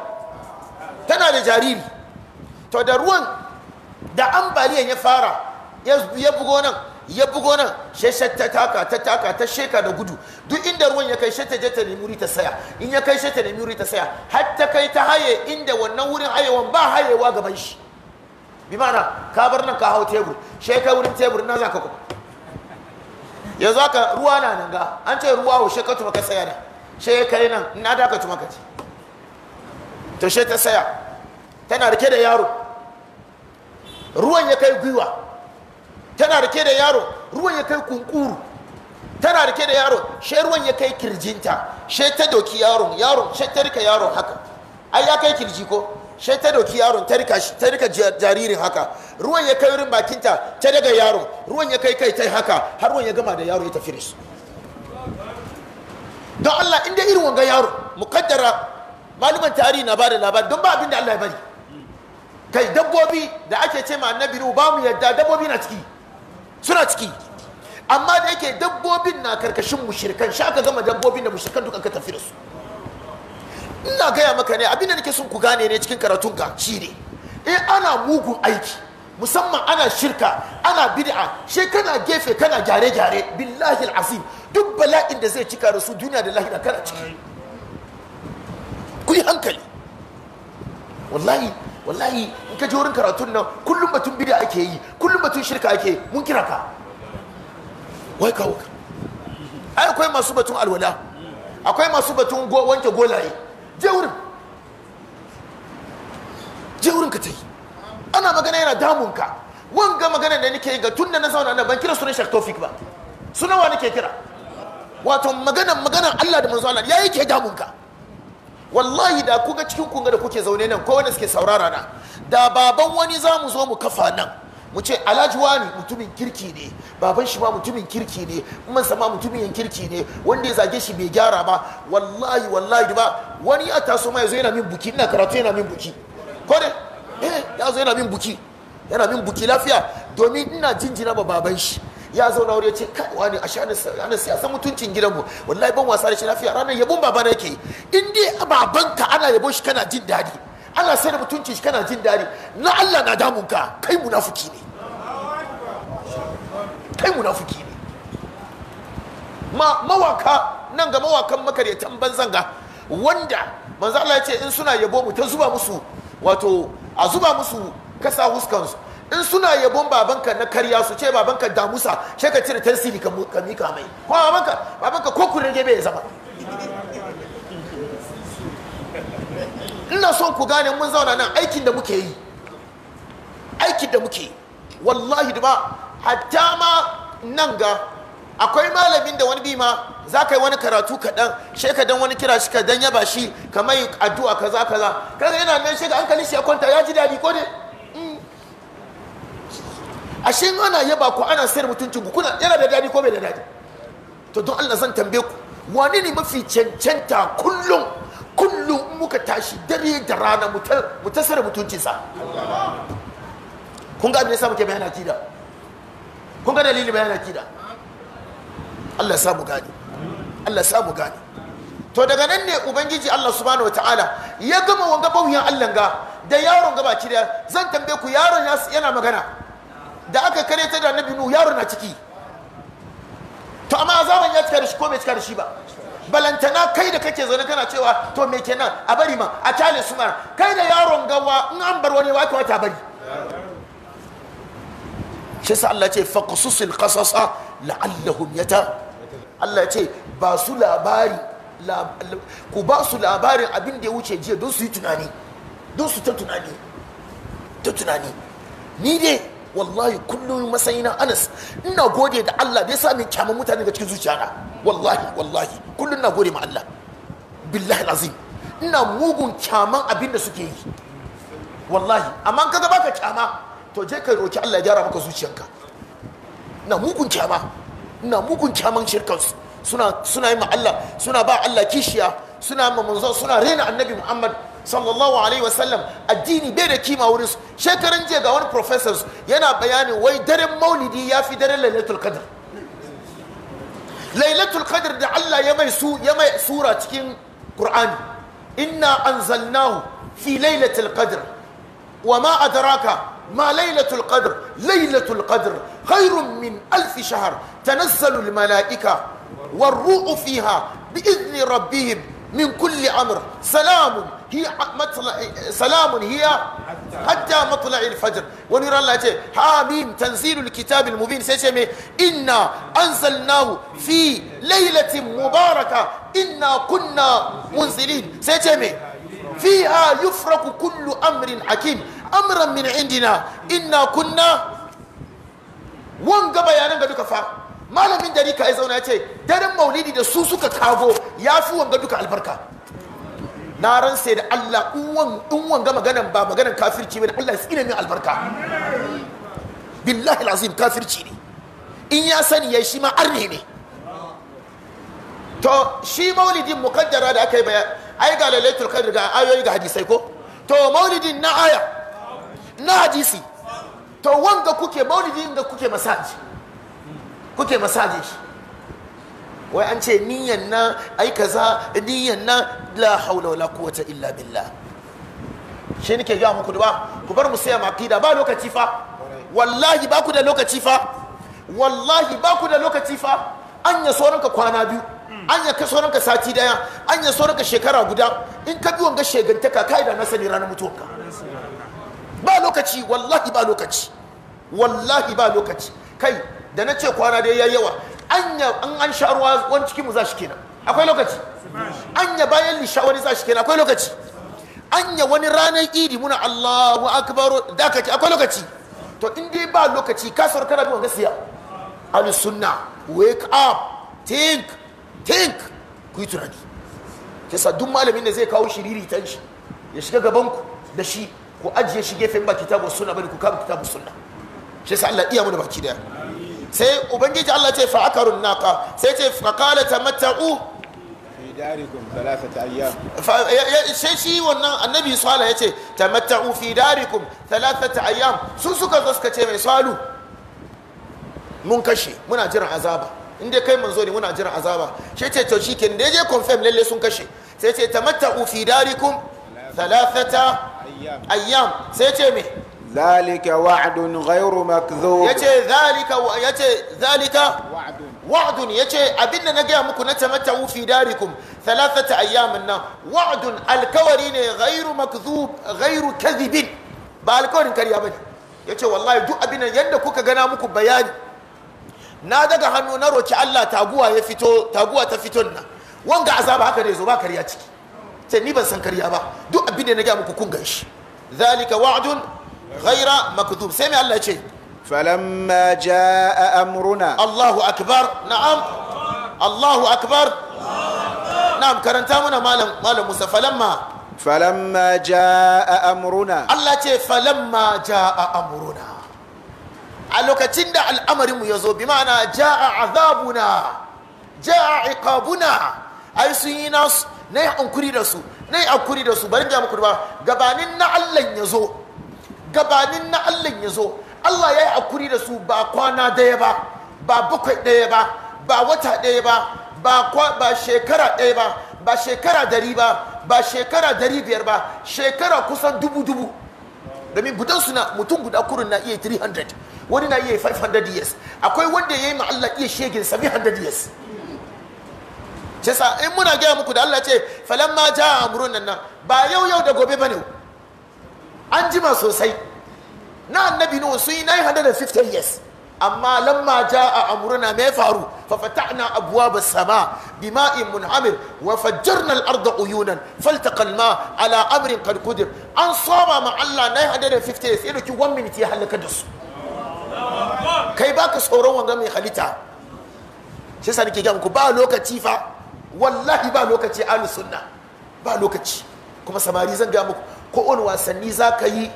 tana da jariri to da ruwan da ambaliyan ya fara ya bugo nan ya bugo nan sai ta taka ta taka ta sheka da gudu duk inda ruwan ya kai she ta je ta nemi wuri ta saya in ya kai she ta nemi wuri ta saya har ta kai ta haye inda wannan wurin hayewan ba hayewa gaban shi bi mana ka bar nan ka hau tebur she kai wurin tebur nan za ka kuma yanzu haka ruwa na nan ga an ce ruwa ho she ka tuma ka saya da she kai nan na da ka tuma ka ce to she ta saya tana rike da yaro ruwan ya kai gwiwa tana rike da yaro ruwan ya kai kunkuru tana rike da yaro shi ruwan ya kai kirjinta she ta doki yaron yaron she ta rika yaron haka ai ya kai kirji ko she ta doki yaron ta rika ta rika jaririn haka ruwan ya kai wurin bakinta ta daga yaron ruwan ya kai kai tai haka har ruwan ya gama da yaro ya tafi da su don Allah inda irin wanga yaro mukaddara maluman tarihi na bada labari don ba abin da Allah ya bari kai dabbobi da ake ce ma annabi ruhu ba mu yadda dabbobi na ciki suna ciki amma da yake dabbobin na karkashin mushirkan shi aka gama dabbobin da mushirkan duk ka tafi da su ina gaya maka ne abin da nake sun ku gane ne cikin karatun karatunka ne in eh, ana mugun aiki musamman ana shirka ana bid'a she kana gefe kana gyare gyare billahi azim duk bala'in da zai cika da su duniya da lahira kana ciki ku yi hankali wallahi wallahi in ka je wurin karatun nan kullum batun bid'a ake yi kullum batun shirka ake mun kira ka wai ka wuka ai akwai masu batun alwala akwai masu batun go wanke golaye je wurin je wurin ka tai ana magana yana damun ka wanga magana da nake ga tunda na zauna na ban kira sunan Shak tofik ba sunan wa nake kira wato magana magana Allah da manzo Allah yayi ke damun ka wallahi da kuga cikin kunga da kuke zaune nan kowane suke saurara na da baban wani za mu zo mu kafa nan mu ce alhaji wani mutumin kirki ne baban shi ma mutumin kirki ne man sama mutumin kirki ne wanda ya zage shi bai gyara ba wallahi wallahi ba wani ya taso ma yazo yana min buki ina karatu yana min buki ko ne eh yazo yana min buki yana min buki lafiya domin ina jinjina ba baban shi ya zauna wuri ya ce kai wani ashe anas ya san mutuncin gidanmu wallahi ban wasa da shi lafiya ranar yabon babana yake in dai babanka ana yabon shi kana jin daɗi ana sai da mutuncin shi kana jin daɗi na Allah na damun ka kai munafuki ne kai munafuki ne ma mawaka nan ga mawakan makaryatan banzanga wanda manzo Allah ya ce in suna yabo mu ta zuba musu wato a zuba musu kasa huskansu in suna yabon babanka na karya su ce babanka damusa sai ka cire tasiri ka mika mai ko babanka babanka ko kurege bai zama ina son ku gane mun zauna nan aikin da muke yi aikin da muke wallahi da ba hatta ma nan ga akwai malamin da wani bi ma za ka yi wani karatu kaɗan shi dan wani kira shi ka dan yaba shi kamar addu'a kaza kaza kaga yana nan shi ga hankalin shi ya kwanta ya ji daɗi ko ne ashe ana yaba ku ana sayar mutuncin ku kuna yana da dadi ko bai da dadi to don Allah zan tambaye ku wani ne mafi cancanta kullum kullum muka tashi dare da rana mu ta sayar mutuncinsa kun ga abin yasa muke bayana kida kun ga dalili bayana kida Allah sa mu gane Allah sa mu gane to daga nan ne ubangiji Allah subhanahu wataala ya gama wanga bauyan Allah ga da yaron gaba da zan tambaye ku yaron yana magana da aka kare ta da annabi binu yaro na ciki to amma zaman ya cika da shi ko bai cika da shi ba balantana kai da kake zaune kana cewa to me kenan a bari ma a kyale su mara kai da yaron gawa in an bar wani wata wata bari shi sa Allah ce ƙasasa qasasa la'allahum yata Allah ce ba su labari ku ba su labarin abin da ya wuce jiya don su yi tunani don su ta tunani ta tunani ni dai wallahi kullum na anas ina gode da Allah da ya sa min kyaman mutane ga cikin zuciya na. wallahi wallahi kullum na gode ma Allah billahi azim ina mugun kyaman abin da suke yi wallahi amma kaga baka kyama to je ka roki Allah ya gyara maka zuciyarka ina mugun kyama ina mugun kyaman shirkansu suna suna yi ma Allah suna ba Allah kishiya suna ma manzo suna rena annabi Muhammad sallallahu alaihi wasallam addini bai da kima wurin su shekaran jiya ga wani professors yana bayanin wai daren maulidi ya fi daren lailatul qadr lailatul qadr da Allah ya mai su ya mai sura cikin qur'ani inna anzalnahu fi lailatul qadr wa ma adraka ma lailatul qadr lailatul qadr hairun min alfi shahar, tanazzalu mala'ika, malaika والروح فيها بإذن ربهم من كل امر سلام هي مطلع سلام هي حتى مطلع الفجر ونرى الله تعالى حاميم تنزيل الكتاب المبين سيشمي إنا أنزلناه في ليلة مباركة إنا كنا منزلين سيشمي فيها يفرق كل أمر حكيم أمرا من عندنا إنا كنا وانقبا يا ننقى فاق malamin dari ka ya zauna ce daren maulidi da su suka kago ya fi wanga duka albarka na ran sai da Allah in wanga maganan ba maganan kafirci bane Allah ya tsine min albarka billahi alazim kafirci ne in ya sani ya shi ma arne ne to shi maulidin mukaddara da aka yi bayan ai ga lailatul qadr ga ayoyi ga hadisai ko to maulidin na aya na hadisi to wanda kuke maulidin da kuke masaji kuke masajin shi wai an ce niyan na ai kaza niyan na la haula wala quwwata illa billah shi nake ga muku ba ku bar mu sai aqida ba lokaci fa wallahi ba ku da lokaci fa wallahi ba ku da lokaci fa an ya sauran ka kwana biyu an ya ka sauran ka sati daya an ya sauran ka shekara guda in ka bi wanga shegantaka kai da na sani ranar mutuwarka ba lokaci wallahi ba lokaci wallahi ba lokaci kai da na ce kwana dai ya yawa anya an an sha ruwa wani cikinmu za shi kenan akwai lokaci anya bayan lisha wani za shi kenan akwai lokaci anya wani ranar idi muna Allahu akbar da kake akwai lokaci to in dai ba lokaci ka saurara kana bin gaskiya al sunna wake up think think ku yi tunani kisa duk malamin da zai kawo shiriri tan shi ya shiga gaban ku da shi ku ajiye shi gefen ba kitabu sunna bane ku kama kitabu sunna shi sa Allah iya mu da baki daya sai ubangiji Allah ce fa aka naka sai ce fa qala tamatta'u fi darikum thalathata sai shi wannan annabi salih yace tamatta'u fi darikum thalathata ayyam su suka zo suka ce mai salu mun kashe muna jiran azaba in dai kai manzo ne muna jiran azaba shi ce to shi shikenan da je confirm lalle sun kashe sai ce ta tamatta'u fi darikum thalathata ayyam sai ce mai. zalika wa'dun ghairu makdhub yace zalika yace zalika wa'dun abinda na gaya muku na tamatta'u fi darikum thalathata ayyamin nan wa'dun alkawari ne ghairu makdhub ghairu kadhibin ba alkawarin kariya bane yace wallahi duk abin nan yanda kuka gana muku bayani na daga hannu na roki Allah taguwa ya ta fito nan wanga azaba haka ne zo ba kariya ciki ni ban san ba duk abinda na gaya muku kun ganshi zalika wa'dun ghaira makdhub sai mai Allah ya ce falamma jaa amruna Allahu akbar na'am Allahu akbar na'am karanta muna malam malam Musa falamma falamma jaa amruna Allah ce falamma jaa amruna a lokacin da al'amarin mu yazo bi ma'ana jaa azabuna jaa iqabuna ai sun yi nasu na yi hankuri da su na yi da su bari ga muku ba gabanin na Allah ya zo gabanin na Allah ya zo Allah ya yi akuri da su ba kwana daya ba ba bakwai daya ba ba wata daya ba ba ba shekara daya ba ba shekara dari ba ba shekara dari biyar ba shekara kusan dubu dubu domin gudan suna mutum guda kurun na iya 300 wani na iya 500 years akwai wanda ya yi ma Allah iya shegin 700 years shi in muna gaya muku da Allah ce falamma ja amurin nan ba yau yau da gobe ba ne. an jima sosai na annabi nuhu sun yi 950 years amma lamma ja a amruna me faru fa abuwa ba sama bima'in munhamir wa fajjarna al-arda uyunan faltaqa al-ma ala amrin qad qudir an saba ma Allah 950 years ido ki 1 minute ya halaka da su kai ba ka tsoron wanga mai halitta shi yasa nake ga muku ba lokaci fa wallahi ba lokaci ahlus sunna ba lokaci kuma samari zan ga muku kowane wasanni za ka yi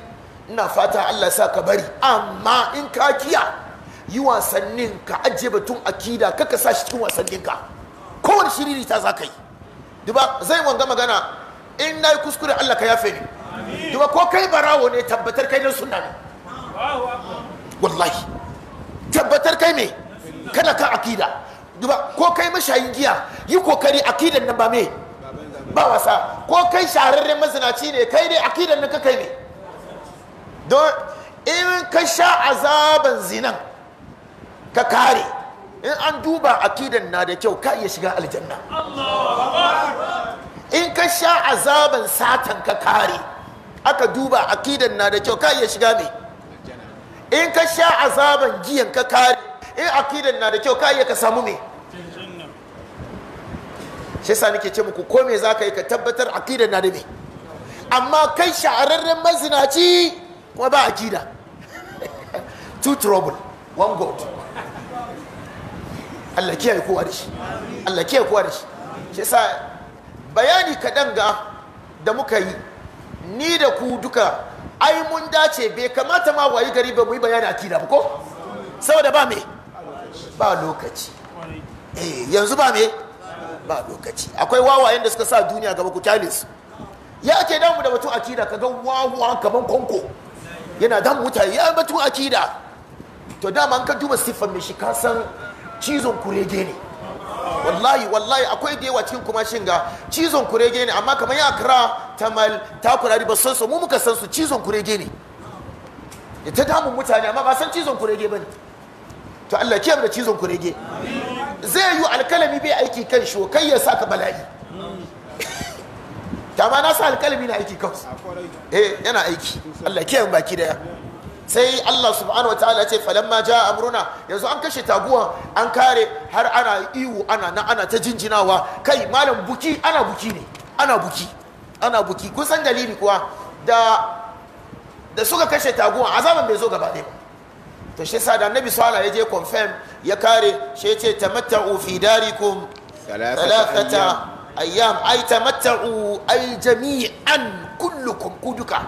ina fata allah sa ka bari amma in ka kiya yi wasannin ka ajiye batun akida kaka sa shi cikin wasannin ka kowane shiriri ta za ka yi duba zai wanga magana in na yi kuskure allah ka yafe ni duba ko kai barawo ne tabbatar kai don sunna ne wallahi tabbatar kai me kana ka akida duba ko kai mashayin giya yi kokari akidan nan ba me ba wasa ko kai shahararren mazinaci ne kai dai akidan ka kai ne don in ka sha azaban zinan ka kare in an duba akidan na da kyau ka iya shiga aljanna in ka sha azaban satan ka kare aka duba akidan na da kyau ka iya shiga mai in ka sha azaban giyan ka kare in akidan na da kyau ka iya ka samu mai shi yasa nake ce muku ko me za ka yi ka tabbatar aqida na da me amma kai shahararren mazinaci kuma ba aqida two trouble one god Allah kiyaye kowa da shi Allah kiyaye kowa da shi shi yasa bayani kadan ga da muka yi ni da ku duka ai mun dace bai kamata ma wayi gari ba mu yi bayani aqida ba ko saboda ba me ba lokaci eh yanzu ba me ba lokaci akwai wawayen da suka sa duniya gaba ku kyale ya ake damu da batun akida ga wawa kaman kwanko yana damu mutane ya batun akida to dama an ka duba siffar mai shi ka san cizon kurege ne wallahi wallahi akwai da yawa cikin kuma shinga cizon kurege ne amma kamar ya kira tamal takurari ba san su mu muka san su cizon kurege ne ya ta damun mutane amma ba san cizon kurege ba ne to Allah kiyar da cizon kurege zai yi alkalami bai aiki kan shi kai ya saka bala'i kama na sa alkalami na aiki kansu eh yana aiki Allah yin baki daya sai Allah subhanahu ta'ala ce falamma jaa amruna yanzu an kashe taguwa an kare har ana iwu ana na ana ta jinjinawa kai malam buki ana buki ne ana buki ana buki kun san dalili kuwa da da suka kashe taguwa azaban bai zo gaba ɗaya ba to shi sa da annabi ya je confirm ya kare shi ce tamatta'u fi darikum thalathata ayyam ay tamatta'u al jami'an kullukum kuduka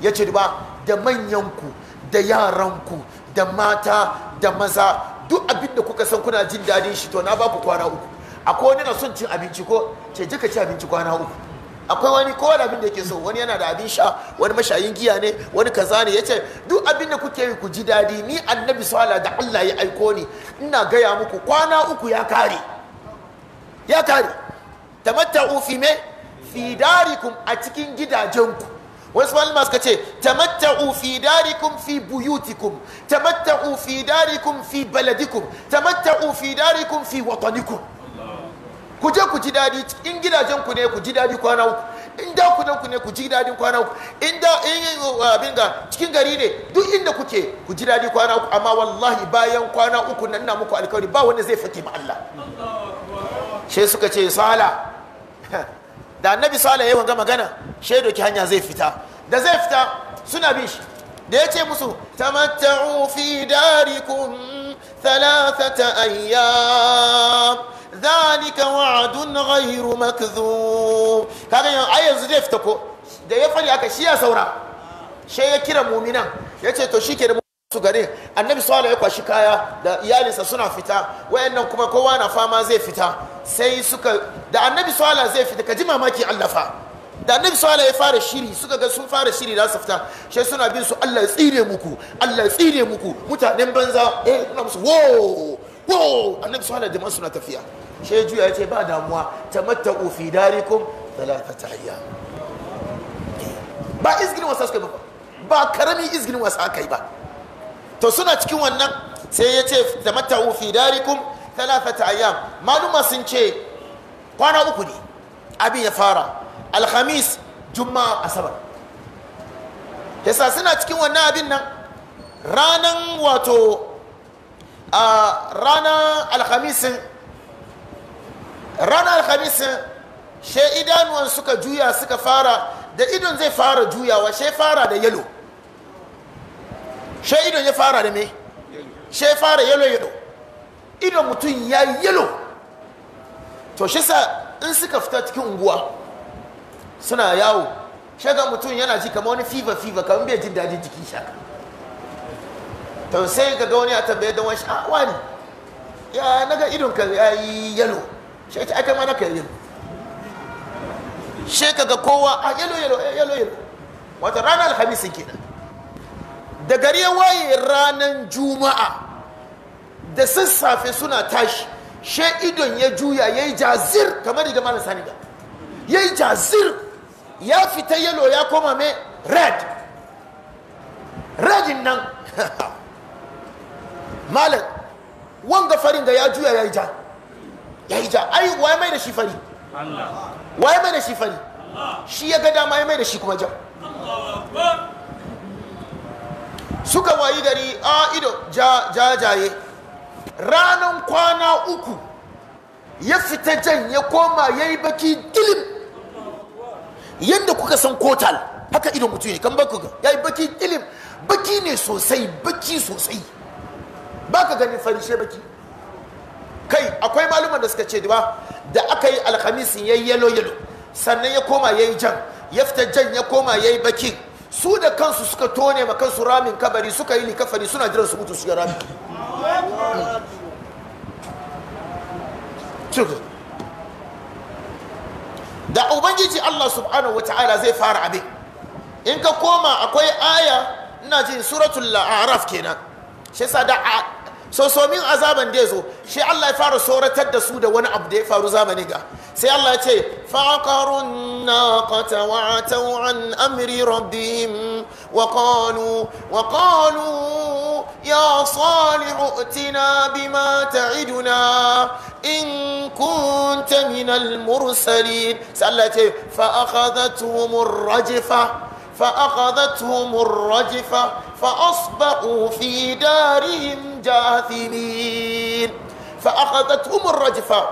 yace ba da manyan ku da yaran ku da mata da maza duk abin da kuka san kuna jin dadin shi to na ba ku kwana uku akwai wani na son cin abinci ko ce jika ci abinci kwana uku akwai wani kowane abin da ke so wani yana da abin sha wani mashayin giya ne wani kaza ne yace duk abin da kuke yi ku ji dadi ni annabi sallallahu da Allah ya aiko ni ina gaya muku kwana uku ya kare ya kare tamatta'u fi me fi darikum a cikin gidajenku wasu malama suka ce tamatta'u fi darikum fi buyutikum tamatta'u fi darikum fi baladikum tamatta'u fi darikum fi watanikum ku je ku ji dadi in gidajen ku ne ku ji dadi kwana uku in da ku ku ne ku ji dadin kwana uku in da in uh, abin ga cikin gari ne duk inda kuke ku ji dadi kwana uku amma wallahi bayan kwana uku nan na muku alkawari ba wanda zai fake ma Allah she suka ce sala da annabi sala yayin ga magana she doki hanya zai fita da zai fita suna bin shi da ce musu tamatta'u fi darikum ثلاثة أيام ذلك وعد غير مكذوب kaga yan ai yanzu zai fita ko da ya fari aka shi ya saura sai ya kira mu'minan yace to shike da su gare annabi sallallahu ya kwashi kaya da iyalinsa suna fita wayannan kuma kowa na fama zai fita sai da annabi sallallahu zai fita ka ji mamaki allafa. da duk sallallahu ya fara shiri suka ga sun fara shiri da su fita she suna bin su Allah ya tsire muku Allah ya tsire muku mutanen banza eh suna musu wo wo annabi sallallahu da suna tafiya she juya ce ba damuwa tamatta'u fi darikum thalathata ayyam ba izgin wasa suka ba ba karami izgin wasa aka yi ba to suna cikin wannan sai ya ce tamatta'u fi darikum thalathata ayyam maluma sun ce kwana uku ne abin ya fara alhamis juma'a asabar yasa suna cikin wannan abin nan ranan wato a ranar alhamisin ranar alhamisin she idanuwan suka juya suka fara da idon zai fara juyawa shai fara da yalo shai idon ya fara da me shai fara yalo yalo idon mutum ya yalo to shi sa in suka fita cikin unguwa suna yawo shaga mutum yana ji kama wani fever fever kamar bai jin daɗin jiki shaka to ka ga wani a tambaye don wani sha'awa ah, ne ya naga idon ka ya yi yalo shi ta aka mana ka yalo shi ka ga kowa a ah, yalo yalo eh, yalo yalo wata ranar alhamisin kenan da gari ya waye ranar juma'a da sassafe suna tashi she idon ya juya ya yi jazir kamar riga marasa niga ya yi jazir ya fita yalo ya koma mai red redin nan malam wanga farin da ya juya ya yi ja ya yi ja ai waye mai da shi fari waye mai da shi fari shi ya ga dama ya mai da shi kuma ja suka wayi gari a ido jajaye ranan kwana uku ya fita jan ya koma ya yi baki dilim yadda kuka san kotal haka idon mutum ne kan baku ya yi baki ilim baki ne sosai baki sosai ba ka ganin farishe baki kai akwai maluman da suka ce ba da aka yi alhamisin ya yi yalo yalo sannan ya koma ya yi jan ya fita jan ya koma ya yi baki su da kansu suka tone ma kansu ramin kabari suka yi likafari suna jiran su mutu su ga ramin hmm. da ubangiji Allah subhanahu wataala zai fara abin in ka koma akwai aya ina jin suratul la'araf kenan shi yasa da so somin azaban da ya zo shi Allah ya fara soratar da su da wani abu da ya faru zamani ga sai Allah ya ce faqarun naqata wa atau an amri rabbihim wa qalu wa qalu ya salih utina bima ta'iduna in kunta min al mursalin sai Allah ya ce fa akhadathum ar-rajfa فأخذتهم الرجفة فأصبحوا في دارهم جاثمين فأخذتهم الرجفة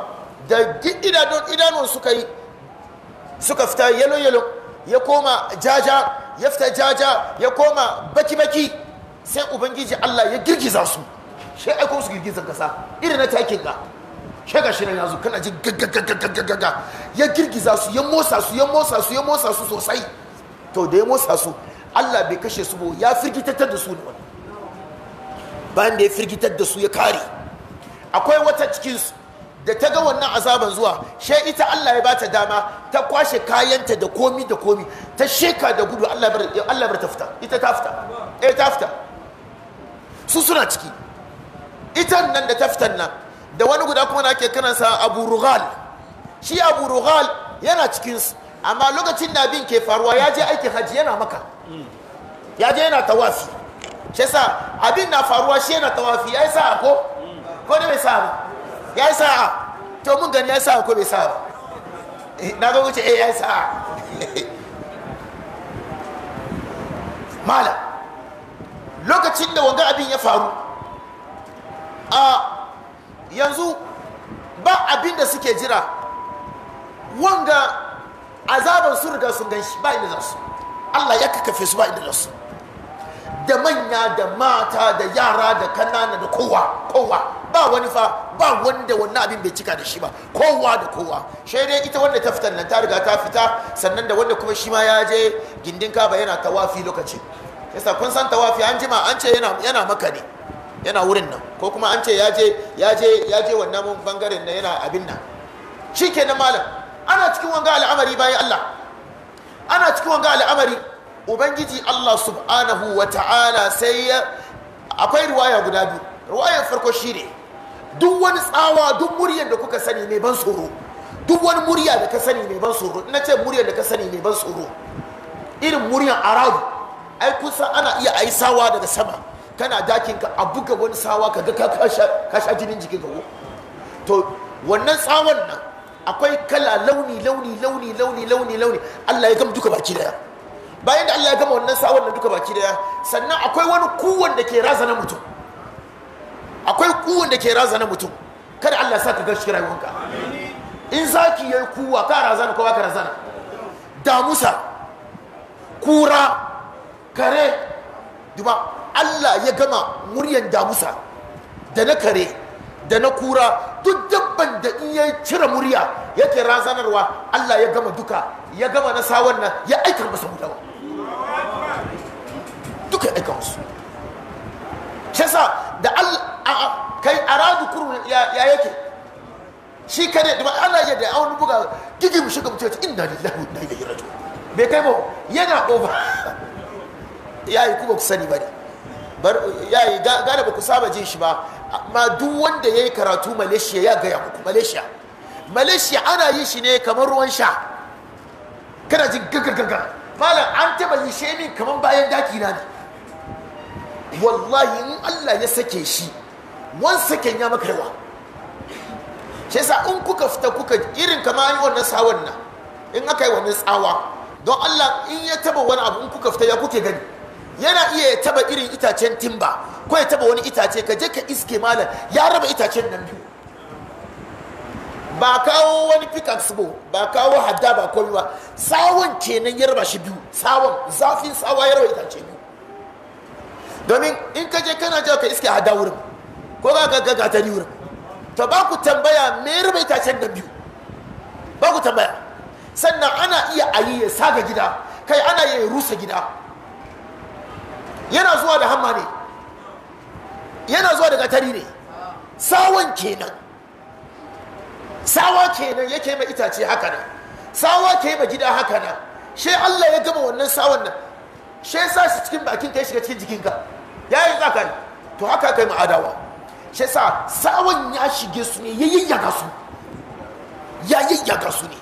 da idanun idanun suka yi suka fita yalo yalo ya koma jaja ya fita jaja ya koma baki baki sai ubangiji Allah ya girgiza su shi su girgizan kasa irin na takin ga shi ga shi nan yazo kana ji gaggagaggaga ya girgiza su ya motsa su ya motsa su ya motsa su sosai to da ya motsa su Allah bai kashe su ba ya firgitar da su ne wani bayan da ya firgitar da su ya kare akwai wata cikin su da ta ga wannan azaban zuwa shi ita Allah ya ba ta dama ta kwashe kayanta da komi da komi ta sheka da gudu Allah bar bar ta fita ita ta fita eh ta fita su suna ciki ita nan da ta fita nan da wani guda kuma nake kanansa Abu Rughal shi Abu Rughal yana cikinsu. amma lokacin da abin ke faruwa ya je aikin hajji yana maka ya je yana tawafi shi sa abin na faruwa shi yana tawafi ya yi sa'a ko ko ne bai sa'a ba ya yi sa'a to mun gani ya yi sa'a ko bai sa'a ba eh, na ga wuce eh ya yi sa'a malam lokacin da wanga abin ya faru a yanzu ba abin da suke jira wanga azaban sun riga sun gan shi ba inda su Allah ya kakafe su ba inda su da manya da mata da yara da kanana da kowa kowa ba wani fa ba wanda wannan abin bai cika da shi ba kowa da kowa shai dai ita wanda ta fita nan ta riga ta fita sannan da wanda kuma shi ma ya je gindin kaba yana tawafi lokaci yasa kun san tawafi an jima an ce yana maka ne yana wurin nan ko kuma an ce ya je ya je ya je wannan bangaren nan yana abin nan shikenan malam ana cikin wanga al'amari bayan Allah ana cikin wanga al'amari ubangiji Allah subhanahu wa ta'ala sai ya akwai ruwaya guda biyu Ruwayar farko shi ne. duk wani tsawa duk muryar da kuka sani mai ban tsoro duk wani murya da ka sani mai ban tsoro na ce muryar da ka sani mai ban tsoro irin muryar arabu ai kusa ana iya ai sawa daga sama kana dakin ka a buga wani sawa ka ga ka kasha jinin jikin ka to wannan tsawon nan akwai kala launi launi launi launi launi launi Allah ya gama duka baki daya bayan da Allah ya gama wannan sa'awar nan duka baki daya sannan akwai wani kuwan da ke razana mutum akwai kuwan da ke razana mutum kada Allah ya sa ka gashi rayuwanka in zaki yayi kuwa ka razana ko ka razana damusa kura kare duba Allah ya gama muryan damusa da na kare da na kura duk dabban da in ya cire murya yake razanarwa Allah ya gama duka ya gama na sawan nan ya aika masa mutawa duka ya aika musu shi sa da Allah kai radu kuru ya yake shi kare da ana yi da awon buga gigi mu shiga mutuwa inda lillahi lahu inna ilaihi rajo bai kai ba yana ya yi kuma ku sani ba ne ya yi gane ba ku saba jin shi ba ma duk wanda ya yi karatu malaysia ya gaya muku malaysia malaysia ana yi shi ne kamar ruwan sha kana jin gaggaggaga malam an taba yi shemin kamar bayan daki na ne wallahi in allah ya sake shi wan saken ya maka yawa shi yasa in kuka fita kuka irin kamar an yi wannan sawan nan in aka yi wannan tsawa don allah in ya taba wani abu in kuka fita ya kuke gani yana iya ya taba irin itacen timba ko ya taba wani itace ka je ka iske malam ya raba itacen nan biyu ba kawo wani pickaxe bo ba kawo hadda ba kwalwa tsawon kenan ya raba shi biyu tsawon zafin sawa ya raba itace biyu domin in ka je kana jawo ka iske hadda wurin ko ga ga ga ta ni wurin to ba ku tambaya me raba itacen nan biyu ba ku tambaya sannan ana iya ayi ya saga gida kai ana iya rusa gida yana zuwa da hamma ne yana zuwa daga tari ne sawan kenan sawa kenan yake ma itace haka nan sawa ke ma gida haka nan shi Allah ya gama wannan sawan nan shi ya sa shi cikin bakin ka shiga cikin jikinka ya yi tsakan to haka kai mu adawa shi sa sawan ya shige su ne ya yayyaga su ya yayyaga su ne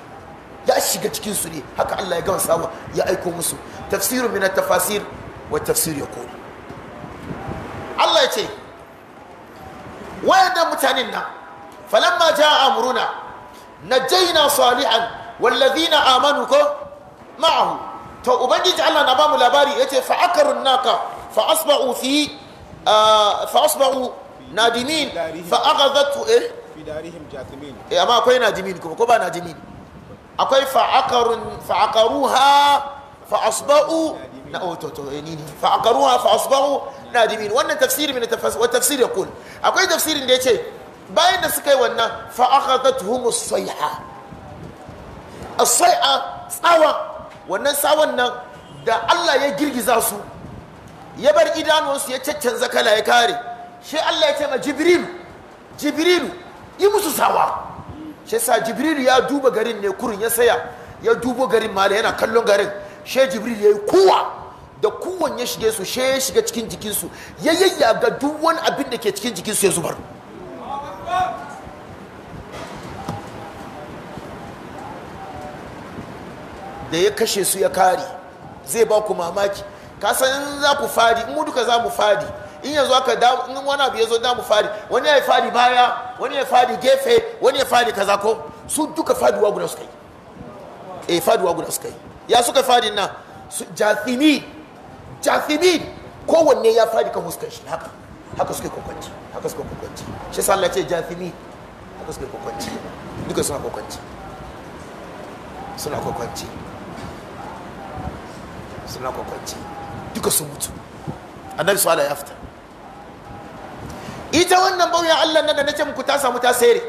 ya shiga cikin su ne haka Allah ya gama sawa ya aiko musu Tafsirin min at-tafasir wa tafsir ya yakun Allah ya ce wayannan mutanen nan falamma jaa amruna najjayna salihan wallazina amanu ko ma'ahu to ubangiji Allah na bamu labari yace fa akarun naka fa asba'u fi fa asba'u nadimin fa aghadhatu eh fi darihim eh amma akwai nadimin kuma ko ba nadimin akwai fa akarun fa akaruha fa asba'u na ototo oh, eh nini fa akaruha fa asba'u nadimin wannan tafsiri min wa tafsir yaqul akwai tafsirin da yace bayan da suka yi wannan fa akhadathum as-sayha as-sayha tsawa wannan tsawon nan da Allah ya girgiza su ya bar idanuwansu ya caccanza kala ya kare shi Allah ya ce ma jibril jibril yi musu sawa shi sa jibril ya duba garin ne kurun ya saya ya dubo garin mala yana kallon garin shi jibril ya yi kowa da kowanne shige su shi ya shiga cikin jikinsu ya yayyaga duk wani abin da ke cikin jikinsu ya zubar da ya kashe su ya kare zai ba ku mamaki kasan in za ku fadi in duka za mu fadi in yanzu aka in wani abu ya zo da mu fadi wani ya fadi baya wani ya fadi gefe wani ya fadi kaza ko su duka faduwa guda suka yi eh faduwa guda suka yi ya suka fadi na jathimi jafibin kowanne ya fadi kan huskar shi haka haka suke kokwanci haka suke kokwanci shi sa Allah ce jafimi haka suke kokwanci duka suna kokwanci suna kokwanci suna kokwanci duka sun mutu annabi sallallahu ya fita ita wannan bauyan Allah nan da nace muku ta samu ta sayar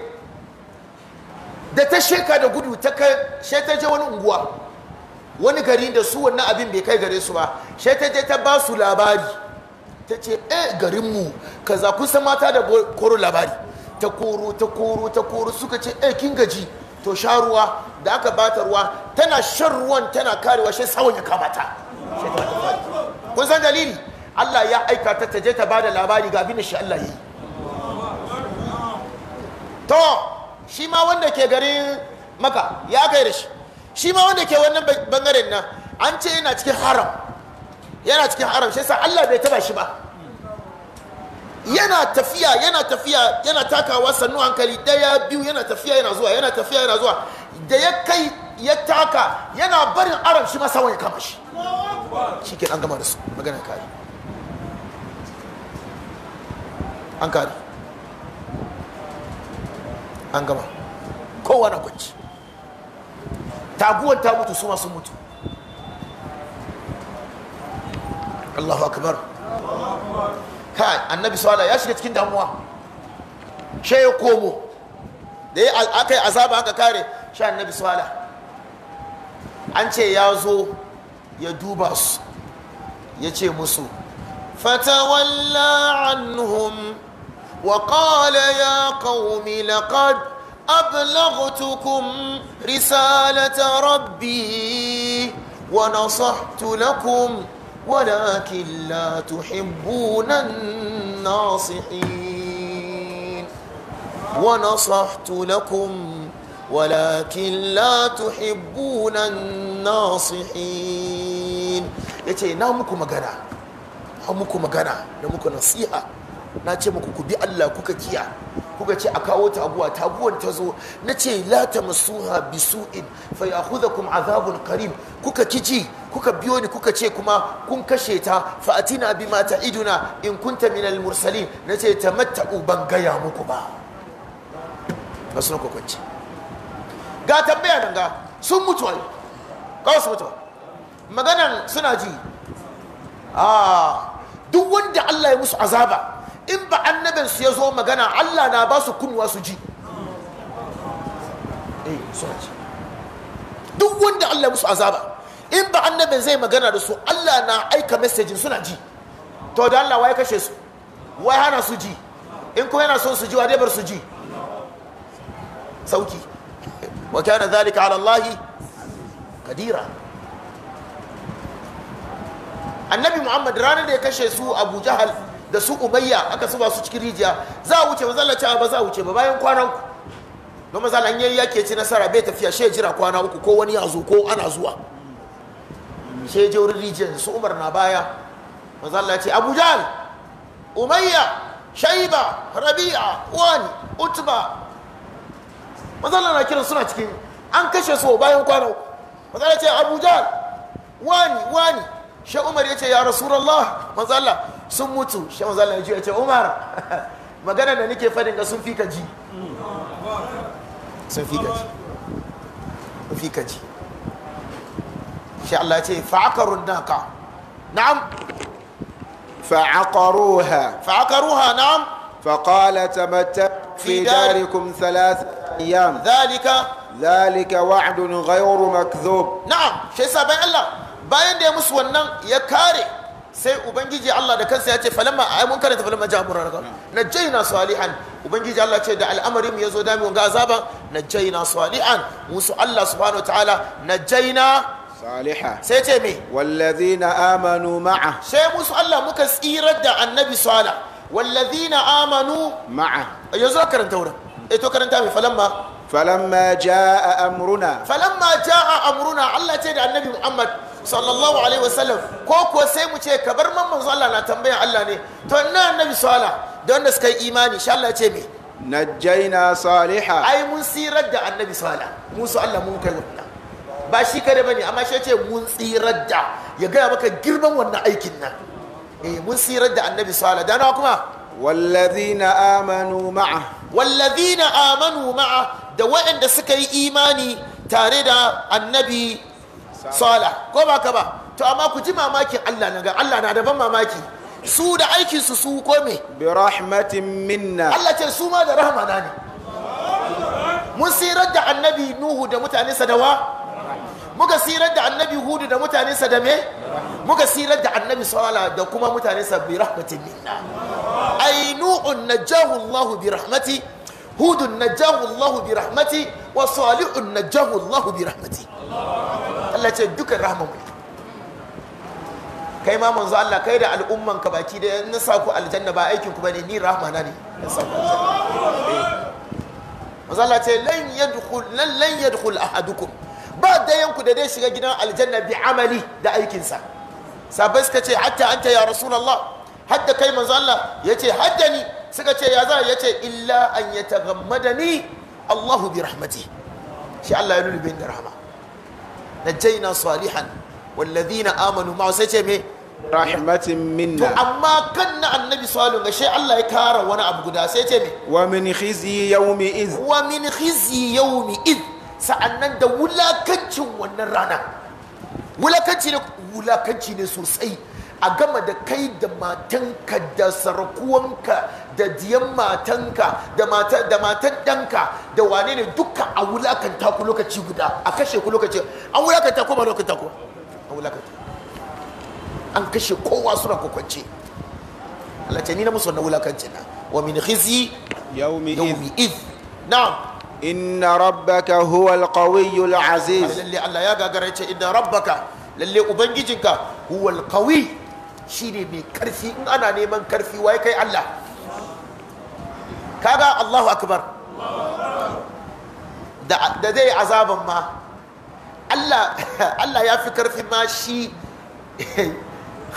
da ta sheka da gudu ta kai sai ta je wani unguwa wani gari da su wannan abin bai kai gare su ba sai ta je ta ba su labari ta ce eh garinmu kaza kun san mata da koro labari ta koro ta koro ta koro suka ce eh kin gaji to sha ruwa da aka bata ruwa tana shan ruwan tana karewa sai sawon ya kama kun san dalili Allah ya aika ta taje ta bada labari ga abin shi Allah yi to shi ma wanda ke garin maka ya kai da shi shi ma wanda ke wannan bangaren nan an ce yana cikin haram yana cikin haram shi yasa Allah bai taba shi ba yana tafiya yana tafiya yana takawa sannu hankali daya biyu yana tafiya yana zuwa yana tafiya yana zuwa da ya kai ya taka yana barin aram shi masa wani kama shi shi ke an gama da su magana kari an kari an gama kowa na kwanci taguwar ta mutu su masu mutu Allahu akbar kai annabi sallallahu ya shiga cikin damuwa she ya komo da ya aka yi azaba aka kare shi annabi an ce ya zo ya duba su ya ce musu fatawalla anhum wa qala ya qaumi laqad أبلغتكم رسالة ربي ونصحت لكم ولكن لا تحبون الناصحين ونصحت لكم ولكن لا تحبون الناصحين yace na muku magana ha muku magana da muku nasiha na ce muku ku bi Allah kuka kiya kuka ce a kawo taguwa taguwar ta zo na ce la tamassuha bisu'in fa kuma azabun karim kuka kiji kuka biyo ni kuka ce kuma kun kashe ta fa atina bima iduna in kunta minal mursalin na ce ta tamatta'u ban gaya muku ba ba sun kwakwanci ga tambaya nan ga sun mutu ai ga su mutu maganan suna ji a ah, duk wanda Allah ya musu azaba in ba annabin ya zo magana Allah na ba su kunnuwa su ji eh, duk wanda Allah musu azaba in ba annabin zai magana da su Allah na aika messaging suna ji to da Allah wai kashe su wai hana su ji in kuma yana son su ji wa dai bar su ji sauki wa kana zalika ala Allah kadira annabi Muhammad ranar da ya kashe su Abu Jahal da su umayya aka zuba su cikin rijiya za a wuce mazalla cewa ba za a wuce ba bayan kwanan ku don mazala an yayi yake ci nasara bai tafiya shi jira kwana uku ko wani ya zo ko ana zuwa shi je wurin rijiya su umar na baya mazala ce abu jahal umayya shaiba rabi'a wani utba mazala na kiran suna cikin an kashe su bayan kwana uku mazala ce abu jahal wani wani shi umar ya ce ya rasulullah manzo sun mutu shi manzo Allah ya ce umar magana da nake fadin ga sun fi ka ji sun fi ka ji sun fi ka ji shi Allah ya ce fa'akarun naka na'am فعقروها فعقروها نعم فقال تمتع في داركم ثلاث أيام ذلك ذلك وعد غير مكذوب Na'am شيء سابع Allah. bayan da ya musu wannan ya kare sai ubangiji Allah da kansa ya ce falamma ai mun karanta falamma ja murar na jaina salihan ubangiji Allah ce da al'amarin ya zo dami ga azaba na salihan musu Allah subhanahu wataala na jaina saliha sai ce me wallazina amanu ma'a sai musu Allah muka tsirar da annabi salih wallazina amanu ma'a yanzu karanta wurin eh to karanta mai falamma falamma jaa amruna falamma jaa amruna Allah ce da annabi Muhammad sallallahu alaihi wasallam ko kuwa sai mu ce ka bar man manzo Allah na tambayar Allah ne to ina annabi sala da wanda suka yi imani insha Allah ce me najjaina saliha ai mun sirar da annabi sala su Allah mun kai wannan ba shi kare bane amma shi ce mun tsirar da ya gaya maka girman wannan aikin nan eh mun sirar da annabi sala da nawa kuma wallazina amanu ma'a wallazina amanu ma'a da waɗanda suka yi imani tare da annabi sala ko ba ka ba to amma ku ji mamakin Allah na ga Allah na daban mamaki su da aikin su su ko me bi rahmatin minna Allah ce su ma da rahama na ne mun sirar da annabi nuhu da mutane sadawa muka sirar da annabi hudu da mutane sa da me muka sirar da annabi sala da kuma mutane sa bi rahmatin minna ai nu'un najahu Allah bi rahmati hudun najahu Allah bi rahmati wa salihun najahu Allah bi rahmati Allah ce dukan rahman mu kai ma manzo Allah kai da al'umman ka baki da na sa ku aljanna ba aikin ku bane ni rahmana ne na ne. manzo Allah ce lan yadkhul lan lan yadkhul ahadukum ba dayan ku da dai shiga gidan aljanna bi amali da aikin sa sabai suka ce hatta anta ya rasulullah hatta kai manzo Allah yace hatta ni suka ce ya za yace illa an yatagammadani Allahu bi rahmatihi shi Allah ya lulube da rahma najjayna salihan walladhina amanu ma sai ce me rahmatin minna to amma kan na annabi salihu ga shi Allah ya kara wani abu guda sai ce me wa min khizyi yawmi iz wa min khizyi yawmi iz sa'annan da wulakancin wannan rana wulakanci ne wulakanci ne sosai a gama da kai da matanka da sarakuwanka da diyan matanka da mata da matan danka da wane ne duka a wulakanta ku lokaci guda a kashe ku lokaci an wulakan ko ba lokacin ko an wulakanta an kashe kowa suna kwakwance Allah ce ni na musu wannan wulakanci na wa min khizi yawmi id na'am inna rabbaka huwa al-qawiyyu aziz lalle Allah ya gagara ya ce inna rabbaka lalle ubangijinka huwa al shine mai karfi in ana neman karfi wai kai Allah kaga Allahu akbar da zai yi azaban ma Allah ya fi karfi ma shi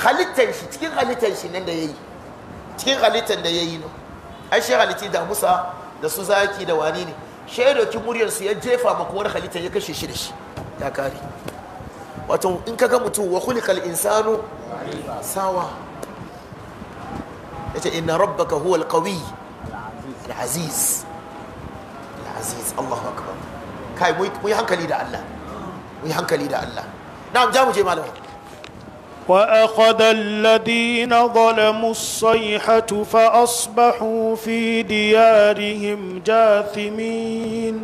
halittar shi cikin halittar shi nan da ya yi cikin halittar da ya yi no ai shi halitti da musa da su zaki da wani ne shi ya doki muryarsu ya jefa makuwar halittar ya kashe shi da shi ya kare wato in ka ga mutum wa khuliqal insanu sawa yace inna rabbaka huwal qawiy العزيز العزيز الله أكبر كاي مو يهنكلي ده الله مو يهنكلي ده الله نعم جابوا جي مالو وأخذ الذين ظلموا الصيحة فأصبحوا في ديارهم جاثمين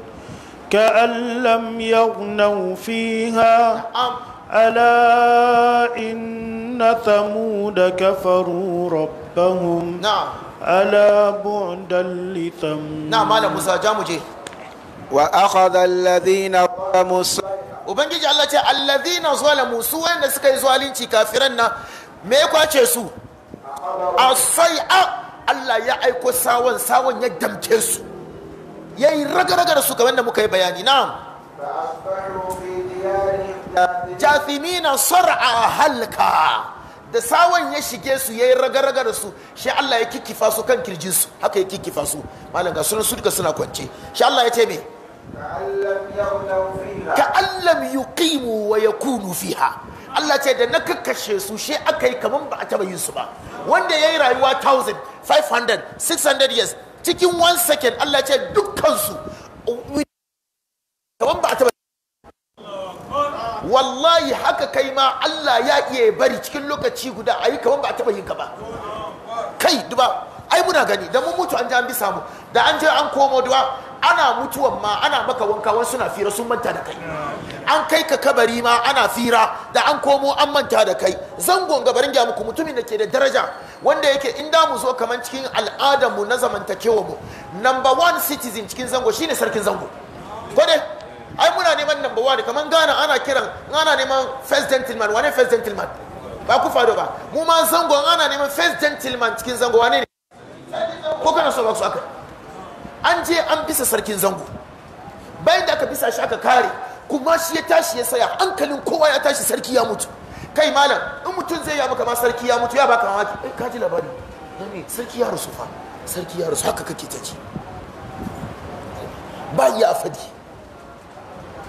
كأن لم يغنوا فيها نعم. ألا إن ثمود كفروا ربهم نعم ألا بعدا لثمود نعم مالا موسى جامجي وأخذ الذين ظلموا Ubangiji Allah ce allazina zalamu su wanda suka yi zalunci kafiran nan me ya kwace su a sai a Allah ya aiko sawan sawan ya damke su Yayi yi ragaraga da su kamar da muka yi bayani na jathimina sar'a halka da sawan ya shige su yi raga-raga da su shi Allah ya kikkifa su kan kirjin su haka ya kikkifa su malam ga sunan su duka suna kwance shi Allah ya ce me ka allam yuqimu wa yakunu fiha Allah ce da na kakkashe su shi aka yi kaman ba a taba yin su ba wanda ya yi rayuwa 1500 600 years cikin one second Allah ce dukkan su kaman ba a taba wallahi haka kai ma Allah ya iya bari cikin lokaci guda ayi kaman ba a taba yin ka ba kai duba ai muna gani da mun mutu an ji an bi samu da an je an komo duwa ana mutuwan ma ana maka wanka wasu na fira sun manta da kai an kai ka kabari ma ana fira da an komo an manta da kai zangon gabarin gya muku mutumin da ke da daraja wanda yake in da mu zo kamar cikin al'adar mu na zamantakewa mu number one citizen cikin zango shine sarkin zango ko ai muna neman number one kamar Ghana ana kiran ana neman first gentleman wane first gentleman ba ku fado ba mu ma zango ana neman first gentleman cikin zango wane ne ko kana so ba su aka an je an bisa sarkin zango bayan da aka bisa shi aka kare kuma shi ya tashi ya saya hankalin kowa ya tashi sarki ya mutu kai malam in mutum zai ya maka ma sarki ya mutu ya baka mamaki ai eh, ka ji labari sarki ya rusu fa sarki ya rusu haka kake ta ji ba ya fadi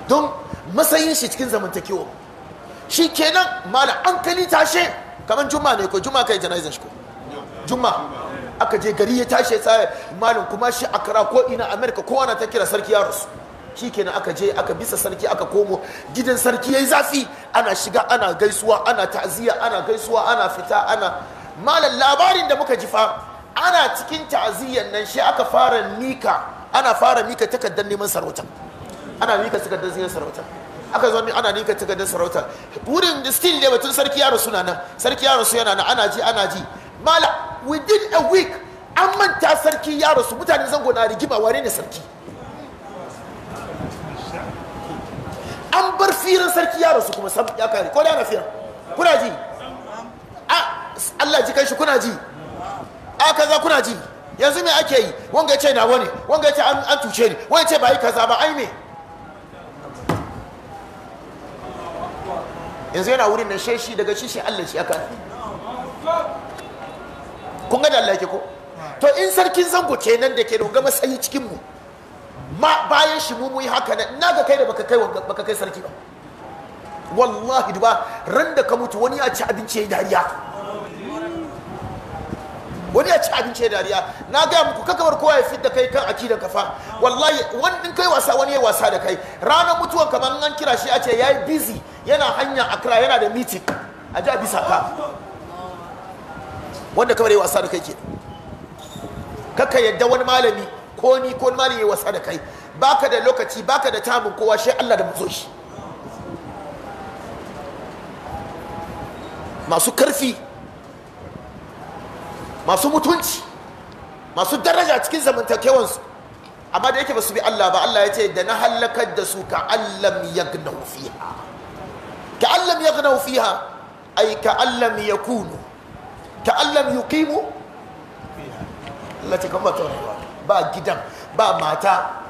don matsayin shi cikin zamantakewa shi kenan malam an kani tashe kamar juma ne ko juma kai jana'izar shi ko juma aka je gari ya tashe tsaye malam kuma shi akara ko ina amerika ko na ta kira sarki yaros shi kenan aka je aka bisa sarki aka komo gidan sarki ya yi zafi ana shiga ana gaisuwa ana ta'aziyya ana gaisuwa ana fita ana malam labarin da muka ji fa ana cikin ta'aziyyan nan shi aka fara mika ana fara mika takardar neman sarauta ana mika takardar zinar sarauta aka zo ana mika takardar sarauta da still dai batun sarki yaro suna nan sarki yaro su yana nan ana ji ana ji mala within a week an manta sarki yaro su mutane zango na rigima wane ne sarki an bar firin sarki yaro su kuma sam ya kare ko da na firin kuna ji Allah ji kai shi kuna ji a kaza kuna ji yanzu me ake yi wanga ce nawa ne wanga ce an tuce ni wanga ce ba yi kaza ba ai me yanzu yana wurin nan sheshi daga shishi Allah shi aka kun ga da Allah ke ko to in sarkin zango nan da ke da gama cikin mu ma bayan shi mu muyi haka nan na ga kai da baka kai baka kai sarki ba wallahi duba ran da ka mutu wani ya ci abinci ya yi dariya wani ya ci abinci ya dariya na gaya muku bar kowa ya fit da kai kan akidan kafa wallahi wani in kai wasa wani ya wasa da kai ranar mutuwan kamar an kira shi a ce ya yi busy yana hanya akra yana da meeting a ji a bisa ka wanda kamar ya wasa da kai ke kaka yadda wani malami ko ni ko wani malami ya wasa da kai baka da lokaci baka da tamin kowa shi Allah da mazo shi masu karfi masu mutunci masu daraja cikin zamantakewansu amma da yake ba su bi Allah ba Allah ya ce da na halakar da su ka allam yagnahu fiha ka allam yagnahu fiha ay ka allam kunu, ka allam yuqimu Allah ce kan ba ba gidan ba mata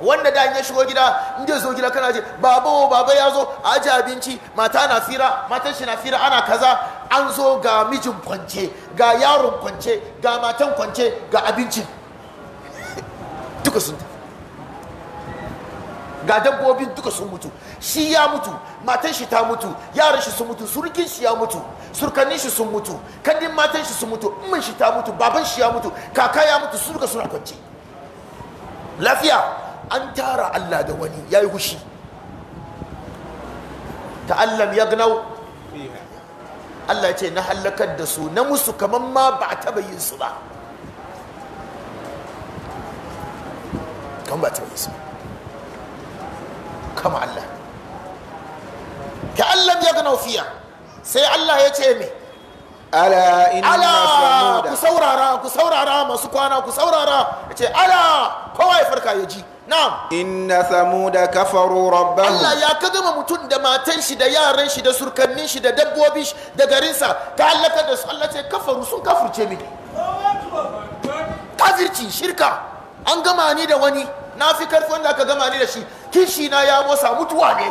wanda da ya shigo gida in zai zo gida kana ji, babo baba ya zo a ji abinci mata na fira matan shi na fira ana kaza an zo ga mijin kwance ga yaron kwance ga matan kwance ga abincin duka sun ga dabbobin duka sun mutu shi ya mutu matan shi ta mutu yaran shi sun mutu surkin shi ya mutu surkannin shi sun mutu kadin matan shi sun mutu umman shi ta mutu baban shi ya mutu kaka ya mutu su duka suna kwance lafiya an tara Allah da wani ya yi hushi ta'allam ya gnau Allah ce na hallakar da su na musu kamar ma ba a taba yin su ba kan ba a taba yin su kama Allah ta'allam ya gnau fiya sai Allah ya ce mai ala ala ku saurara ku saurara masu kwana ku saurara ya ce ala kowa ya farka ya ji na'am inna samuda kafaru rabbahum Allah ya ka gama mutum da matan shi da yaran shi da surkannin shi da dabbobi shi da garinsa ka halaka da su Allah ce kafaru sun kafirce mini kafirci shirka an gama ni da wani na fi karfi wanda ka gama ni da shi kishi na ya motsa mutuwa ne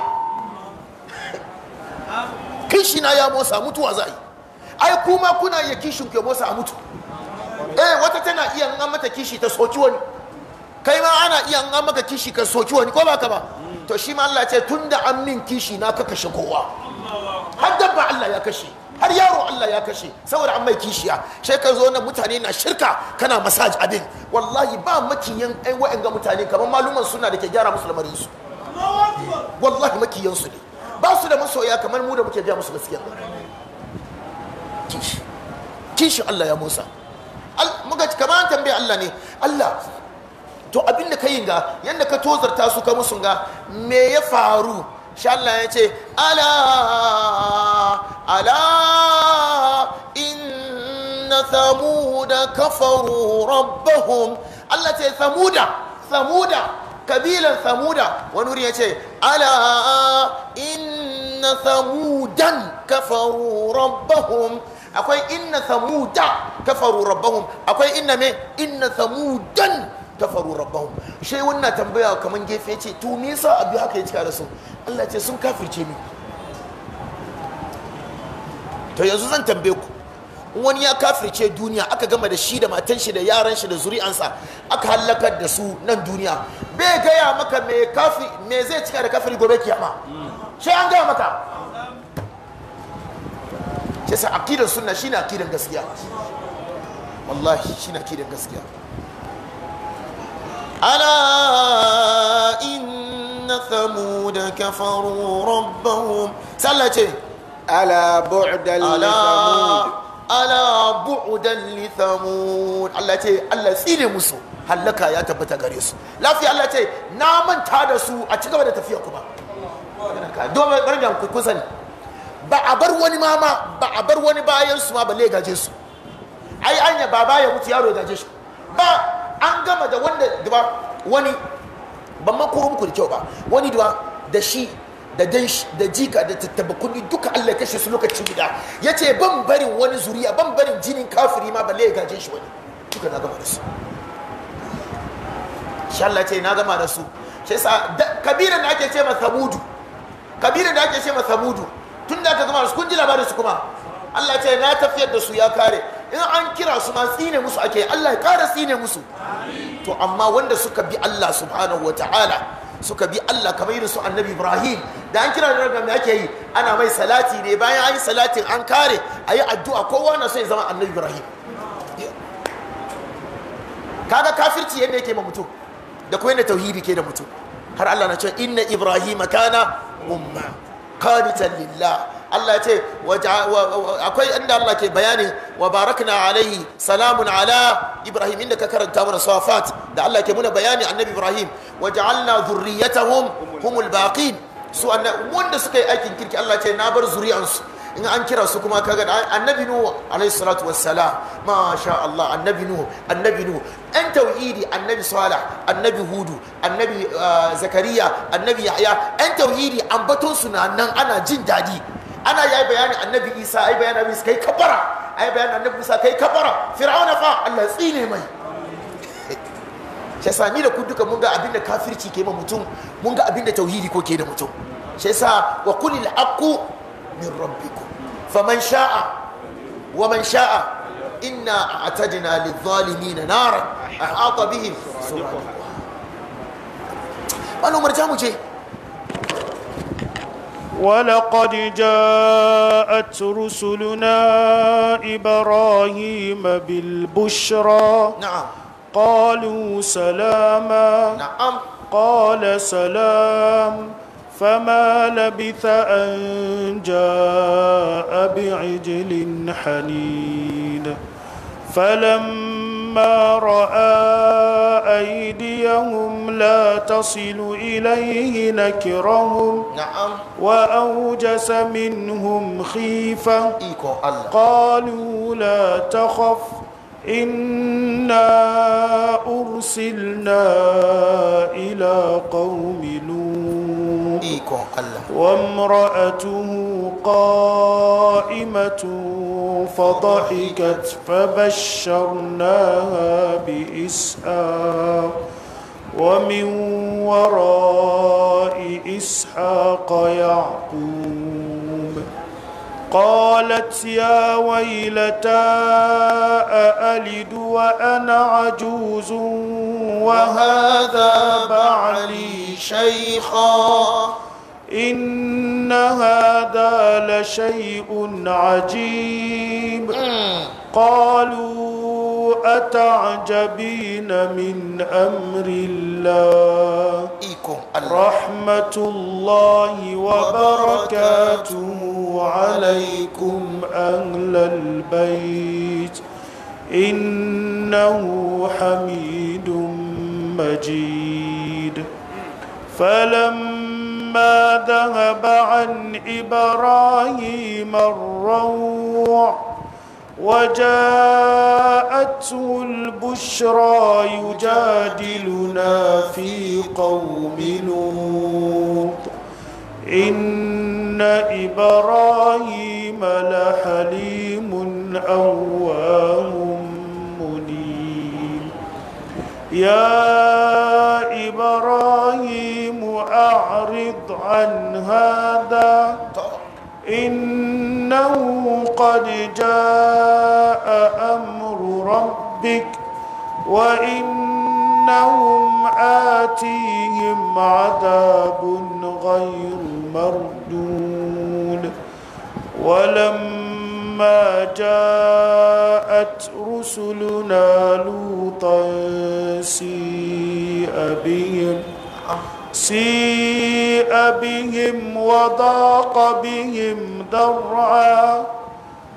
kishi na ya motsa mutuwa za'i. ai kuma kuna iya kishin ke motsa a mutu eh wata tana iya an mata kishi ta soki wani kai ma ana iya an maka kishi ka soki wani ko baka ba to shi ma Allah ce tunda an min kishi na ka kashe kowa har dabba Allah ya kashe har yaro Allah ya kashe saboda an mai kishiya sai ka zo na mutane na shirka kana masaj abin wallahi ba makiyan ai ga mutane kamar maluman suna da ke gyara musu lamarin su wallahi makiyan su ne ba su da masoya kamar mu da muke gaya musu gaskiya kishi kishi Allah ya Musa muka kamar an tambaye Allah ne Allah to abin da ka yi ga yadda ka tozarta su ka musu ga me ya faru sha Allah ya ce ala ala inna samuda kafaru rabbahum Allah ce samuda samuda kabilan samuda wani wuri ya ce ala inna samudan kafaru rabbahum akwai inna samuda kafaru rabbahum akwai inna me inna samudan kafaru rabbahum shi wannan tambaya kaman gefe ce to me yasa abu haka ya cika da su Allah ce sun kafirce ni to yanzu zan tambaye ku wani ya kafirce duniya aka gama da shi da matan shi da yaran shi da zuri'ansa aka halakar da su nan duniya bai gaya maka me kafi me zai cika da kafiri gobe kiyama shi an gaya maka shi sa akidan sunna shine akidan gaskiya wallahi shine akidan gaskiya ألا إن ثمود كفروا ربهم سلتي ألا بعدا لثمود ألا بعدا لثمود الله تي الله سيني مسو hallaka ya tabbata gare su lafiya Allah na manta da su a cigaba da tafiya kuma ba a bar wani mama ba a bar wani bayan su ma balle gaje su ai anya baba ya mutu yaro gaje shi ba an gama da wanda duba wani ban mako muku da kyau ba wani duba da shi da danshi da jika da tattaba kudi duka Allah kashe su lokacin guda yace ban barin wani zuriya ban barin jinin kafiri ma balle ya gaje shi wani duka na gama da su insha Allah ce na gama da su sai sa kabiran da ake ce ma sabudu kabiran da ake ce ma sabudu tunda ka gama su kun ji labarin su kuma Allah ce na tafiyar da su ya kare in an kira su ma tsine musu ake Allah ya ƙara tsine musu to amma wanda suka bi Allah subhanahu wa ta'ala suka bi Allah kamar irin su annabi Ibrahim da an kira da me ake yi ana mai salati ne bayan an yi salatin an kare a yi addu'a kowa na so zama annabi Ibrahim kaga kafirci yadda yake ma mutum da kuma yadda tauhidi ke da mutum har Allah na ce, inna Ibrahim kana umma qanitan lillah Allah ya ce akwai inda Allah ke bayani wa na alayhi salamun ala Ibrahim inda ka karanta mana safat da Allah ke muna bayani annabi Ibrahim wa ja'alna dhurriyyatahum humul baqin su wanda suka yi aikin kirki Allah ce na bar zuri'ansu in an kira su kuma kaga annabi nuhu alayhi salatu wassalam ma sha Allah annabi nuhu annabi nuhu an tauhidi annabi salih annabi hudu annabi ah, zakariya annabi yahya an tauhidi ambaton su na nan ana jin dadi ana yayi bayani annabi isa ai bayani annabi isa kai kabara ai bayani annabi isa kai kabara fir'auna fa Allah tsine mai sai sami da ku duka mun ga abin da kafirci ke ma mutum mun ga abin da tauhidi ko ke da mutum shi sa wa kulil aqu min rabbikum faman sha'a wa man sha'a inna a'tadna lidh-dhalimin naran ahata bihim subhanallah wannan ta'ala malu marjamu ce ولقد جاءت رسلنا إبراهيم بالبشرى نعم قالوا سلاما نعم قال سلام فما لبث أن جاء بعجل حنين فلما فلما رأى أيديهم لا تصل إليه نكرهم نعم وأوجس منهم خيفة قالوا لا تخف إنا أرسلنا إلى قوم لوط وامرأته قائمة فضحكت فبشرناها بإسحاق ومن وراء إسحاق يعقوب قالت يا ويلتى أألد وأنا عجوز وهذا بعلي شيخا إن هذا لشيء عجيب قالوا أتعجبين من أمر الله رحمة الله وبركاته عليكم أهل البيت إنه حميد مجيد فلما ذهب عن إبراهيم الروع وجاءته البشرى يجادلنا في قوم لوط إن إبراهيم لحليم أواه منيب يا إبراهيم أعرض عن هذا إنه قد جاء أمر ربك وإنهم آتيهم عذاب غير مردود ولما جاءت رسلنا لوطا سيء بهم سيء بهم وضاق بهم ذرعا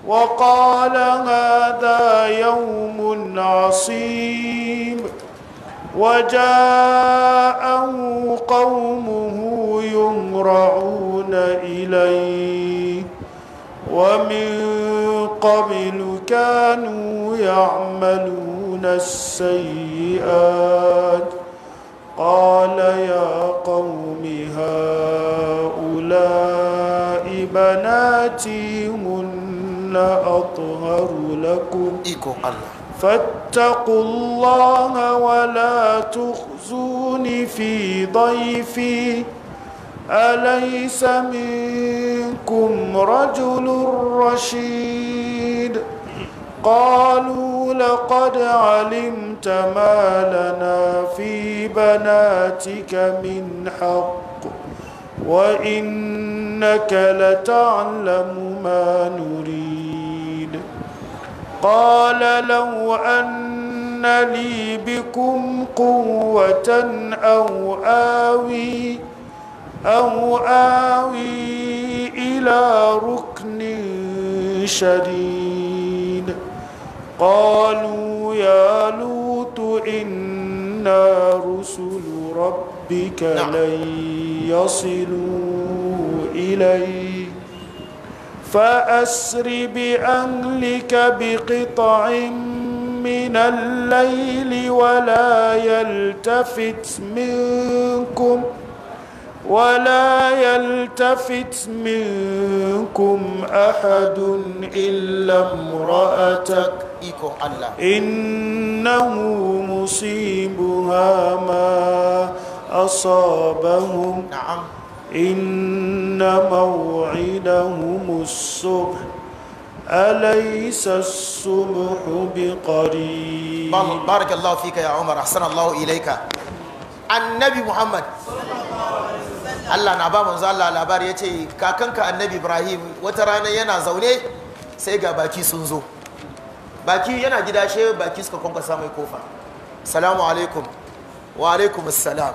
وقال هذا يوم عصيب وجاءه قومه يمرعون إليه ومن قبل كانوا يعملون السيئات قال يا قوم هؤلاء بناتي من أطهر لكم فاتقوا الله ولا تخزوني في ضيفي أليس منكم رجل رشيد قالوا لقد علمت ما لنا في بناتك من حق وإنك لتعلم ما نريد قال لو أن لي بكم قوة أو آوي أو آوي إلى ركن شديد قالوا يا لوط إنا رسل ربك ربك نعم. لن يصلوا إليك فأسر بأهلك بقطع من الليل ولا يلتفت منكم ولا يلتفت منكم أحد إلا امرأتك إنه مصيبها ما أصابهم نعم إن موعدهم الصبح أليس الصبح بقريب بارك الله فيك يا عمر أحسن الله إليك annabi muhammad allah na ba manzo allah labari ya ce kakanka annabi ibrahim wata rana yana zaune sai ga baki sun zo baki yana gida she baki suka kwankwasa mai kofa salamu alaikum wa alaikum salam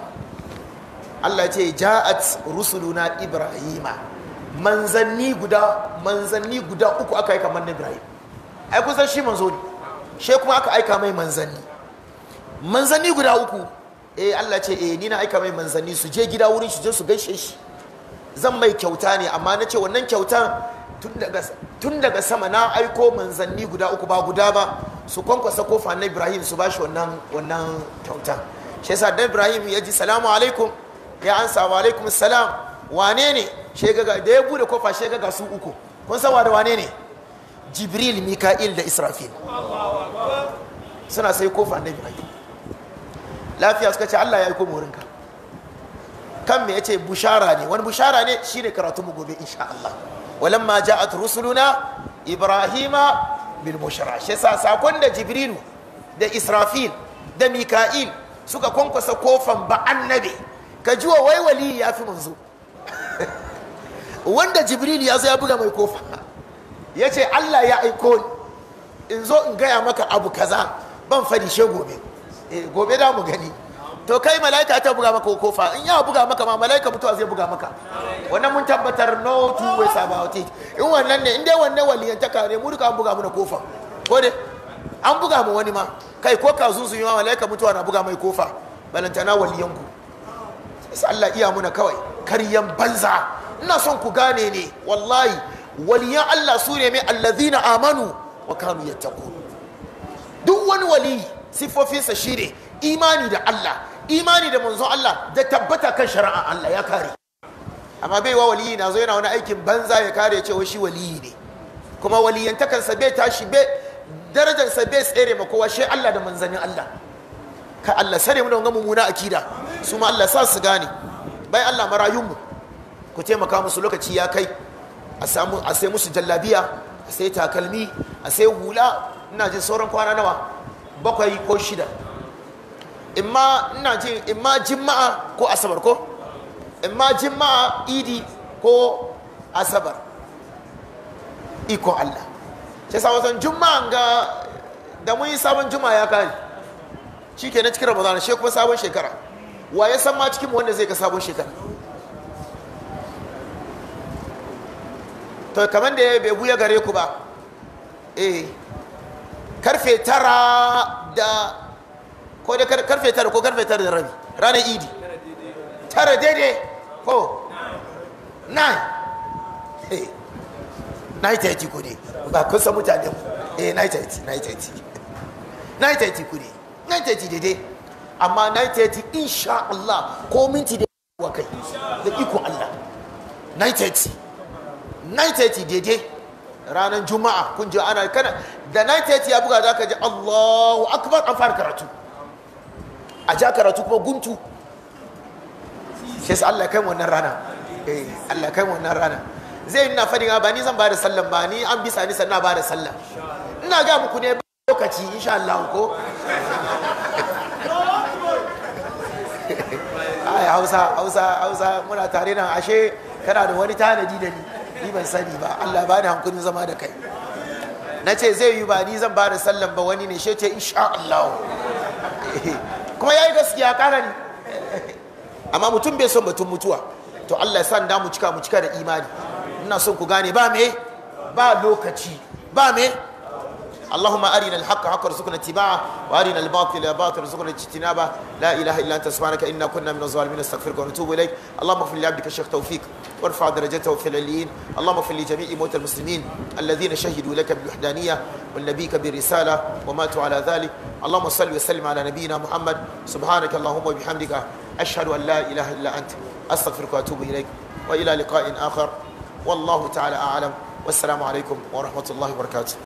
Allah ce ja'at rusuluna ibrahima manzanni guda manzanni guda uku aka aika man ibrahim ai san shi manzo ne she kuma aka aika mai manzanni manzanni guda uku eh Allah ce eh ni na aika mai manzanni su je gida wurin shi je su gaishe shi zan mai kyauta ne amma na ce wannan kyautan tun daga sama na aiko manzanni guda uku ba guda ba su kwankwasa kofa na ibrahim su bashi wannan wannan kyauta shi yasa da ibrahim ya ji salamu alaikum ya ansa wa alaikum salam wane ne da ya bude kofa shegaga su uku kun san da wane ne jibril mika'il da israfil suna sai kofa annabi ayi lafiya suka ce Allah ya aiko mu wurinka kan me ya ce bushara ne wani bushara ne shine karatu mu gobe insha Allah Walan walamma ja'at rusuluna ibrahima bil bushra shi yasa sakon da jibrilu da israfil da mika'il suka kwankwasa kofan ba annabi ka ji wa wai wali ya fi manzo wanda jibril ya zo ya buga mai kofa ya ce allah ya aiko in zo in gaya maka abu kaza ban fadi she gobe eh, gobe da mu gani to kai malaika ta buga maka kofa in ya buga maka ma malaika mutuwa zai buga maka wannan mun tabbatar no two ways about it in wannan ne in dai wannan ta ne mu duka an buga mana kofa ko dai an buga mu wani ma kai ko ka zunzun yawa malaika mutuwa na buga mai kofa balantana waliyanku sai Allah iya muna kawai karyan banza ina son ku gane ne wallahi waliyan Allah su ne mai allazina amanu wa kanu yattaqun duk wani wali sifofinsa shine imani da Allah imani da manzon Allah da tabbata kan shari'a Allah ya kare amma baiwa waliyi na zo yana wani aikin banza ya kare cewa shi waliyi ne kuma waliyantakansa bai tashi bai darajarsa bai tsere ma kowa shi Allah da manzanin Allah ka Allah sare mu da mummuna akida su ma Allah sa su gane bai Allah marayunmu ku taimaka musu lokaci ya kai a samu a sai musu jallabiya a sai takalmi a sai hula ina jin sauran kwana nawa bakwai ko shida imma ina jin imma jima'a ko asabar ko imma jima'a idi ko asabar iko Allah sai sa wasan juma'a ga da mun yi sabon juma'a ya kare shi ke na cikin ramadana shi kuma sabon shekara wa ya san ma cikin wanda zai ga sabon shekara to kamar da ya bai buya gare ku ba eh karfe tara da ko da karfe tara ko karfe tara da rabi ranar idi tara daidai ko nine eh nine ta ku ne ba kun san mutane ku eh nine thirty nine ta nine thirty ku ne nine thirty daidai amma na yi ta insha Allah ko minti da wa kai da iko Allah na na yi yi 930 daidai ranar juma'a kun ji ana kana da na yi 930 ya buga za ka ji Allahu akbar an fara karatu a ja karatu kuma guntu sai Allah kai wannan rana eh Allah kai wannan rana zai ina fadin ah, ba ni zan ba da sallan ba ni an bisa ni sannan ba da sallan ina ga muku ne lokaci insha Allah ko a hausa hausa hausa muna tare nan ashe kana da wani tanadi da ni ni ban sani ba allah ba ni hankulin zama da kai na ce zai yi ba ni zan ba da sallan ba wani ne shi ce insha allah kuma ya gaskiya kana ni amma mutum bai son batun mutuwa to allah ya sanda mu cika mu cika da imani ina son ku gane ba me ba lokaci ba me اللهم أرنا الحق حق ارزقنا اتباعه وأرنا الباطل باطل ارزقنا اجتنابه لا إله إلا أنت سبحانك إنا كنا من الظالمين استغفرك ونتوب إليك اللهم اغفر لعبدك الشيخ توفيق وارفع درجته في العليين اللهم اغفر لجميع موتى المسلمين الذين شهدوا لك بالوحدانية والنبيك بالرسالة وماتوا على ذلك اللهم صل وسلم على نبينا محمد سبحانك اللهم وبحمدك أشهد أن لا إله إلا أنت أستغفرك وأتوب إليك وإلى لقاء آخر والله تعالى أعلم والسلام عليكم ورحمة الله وبركاته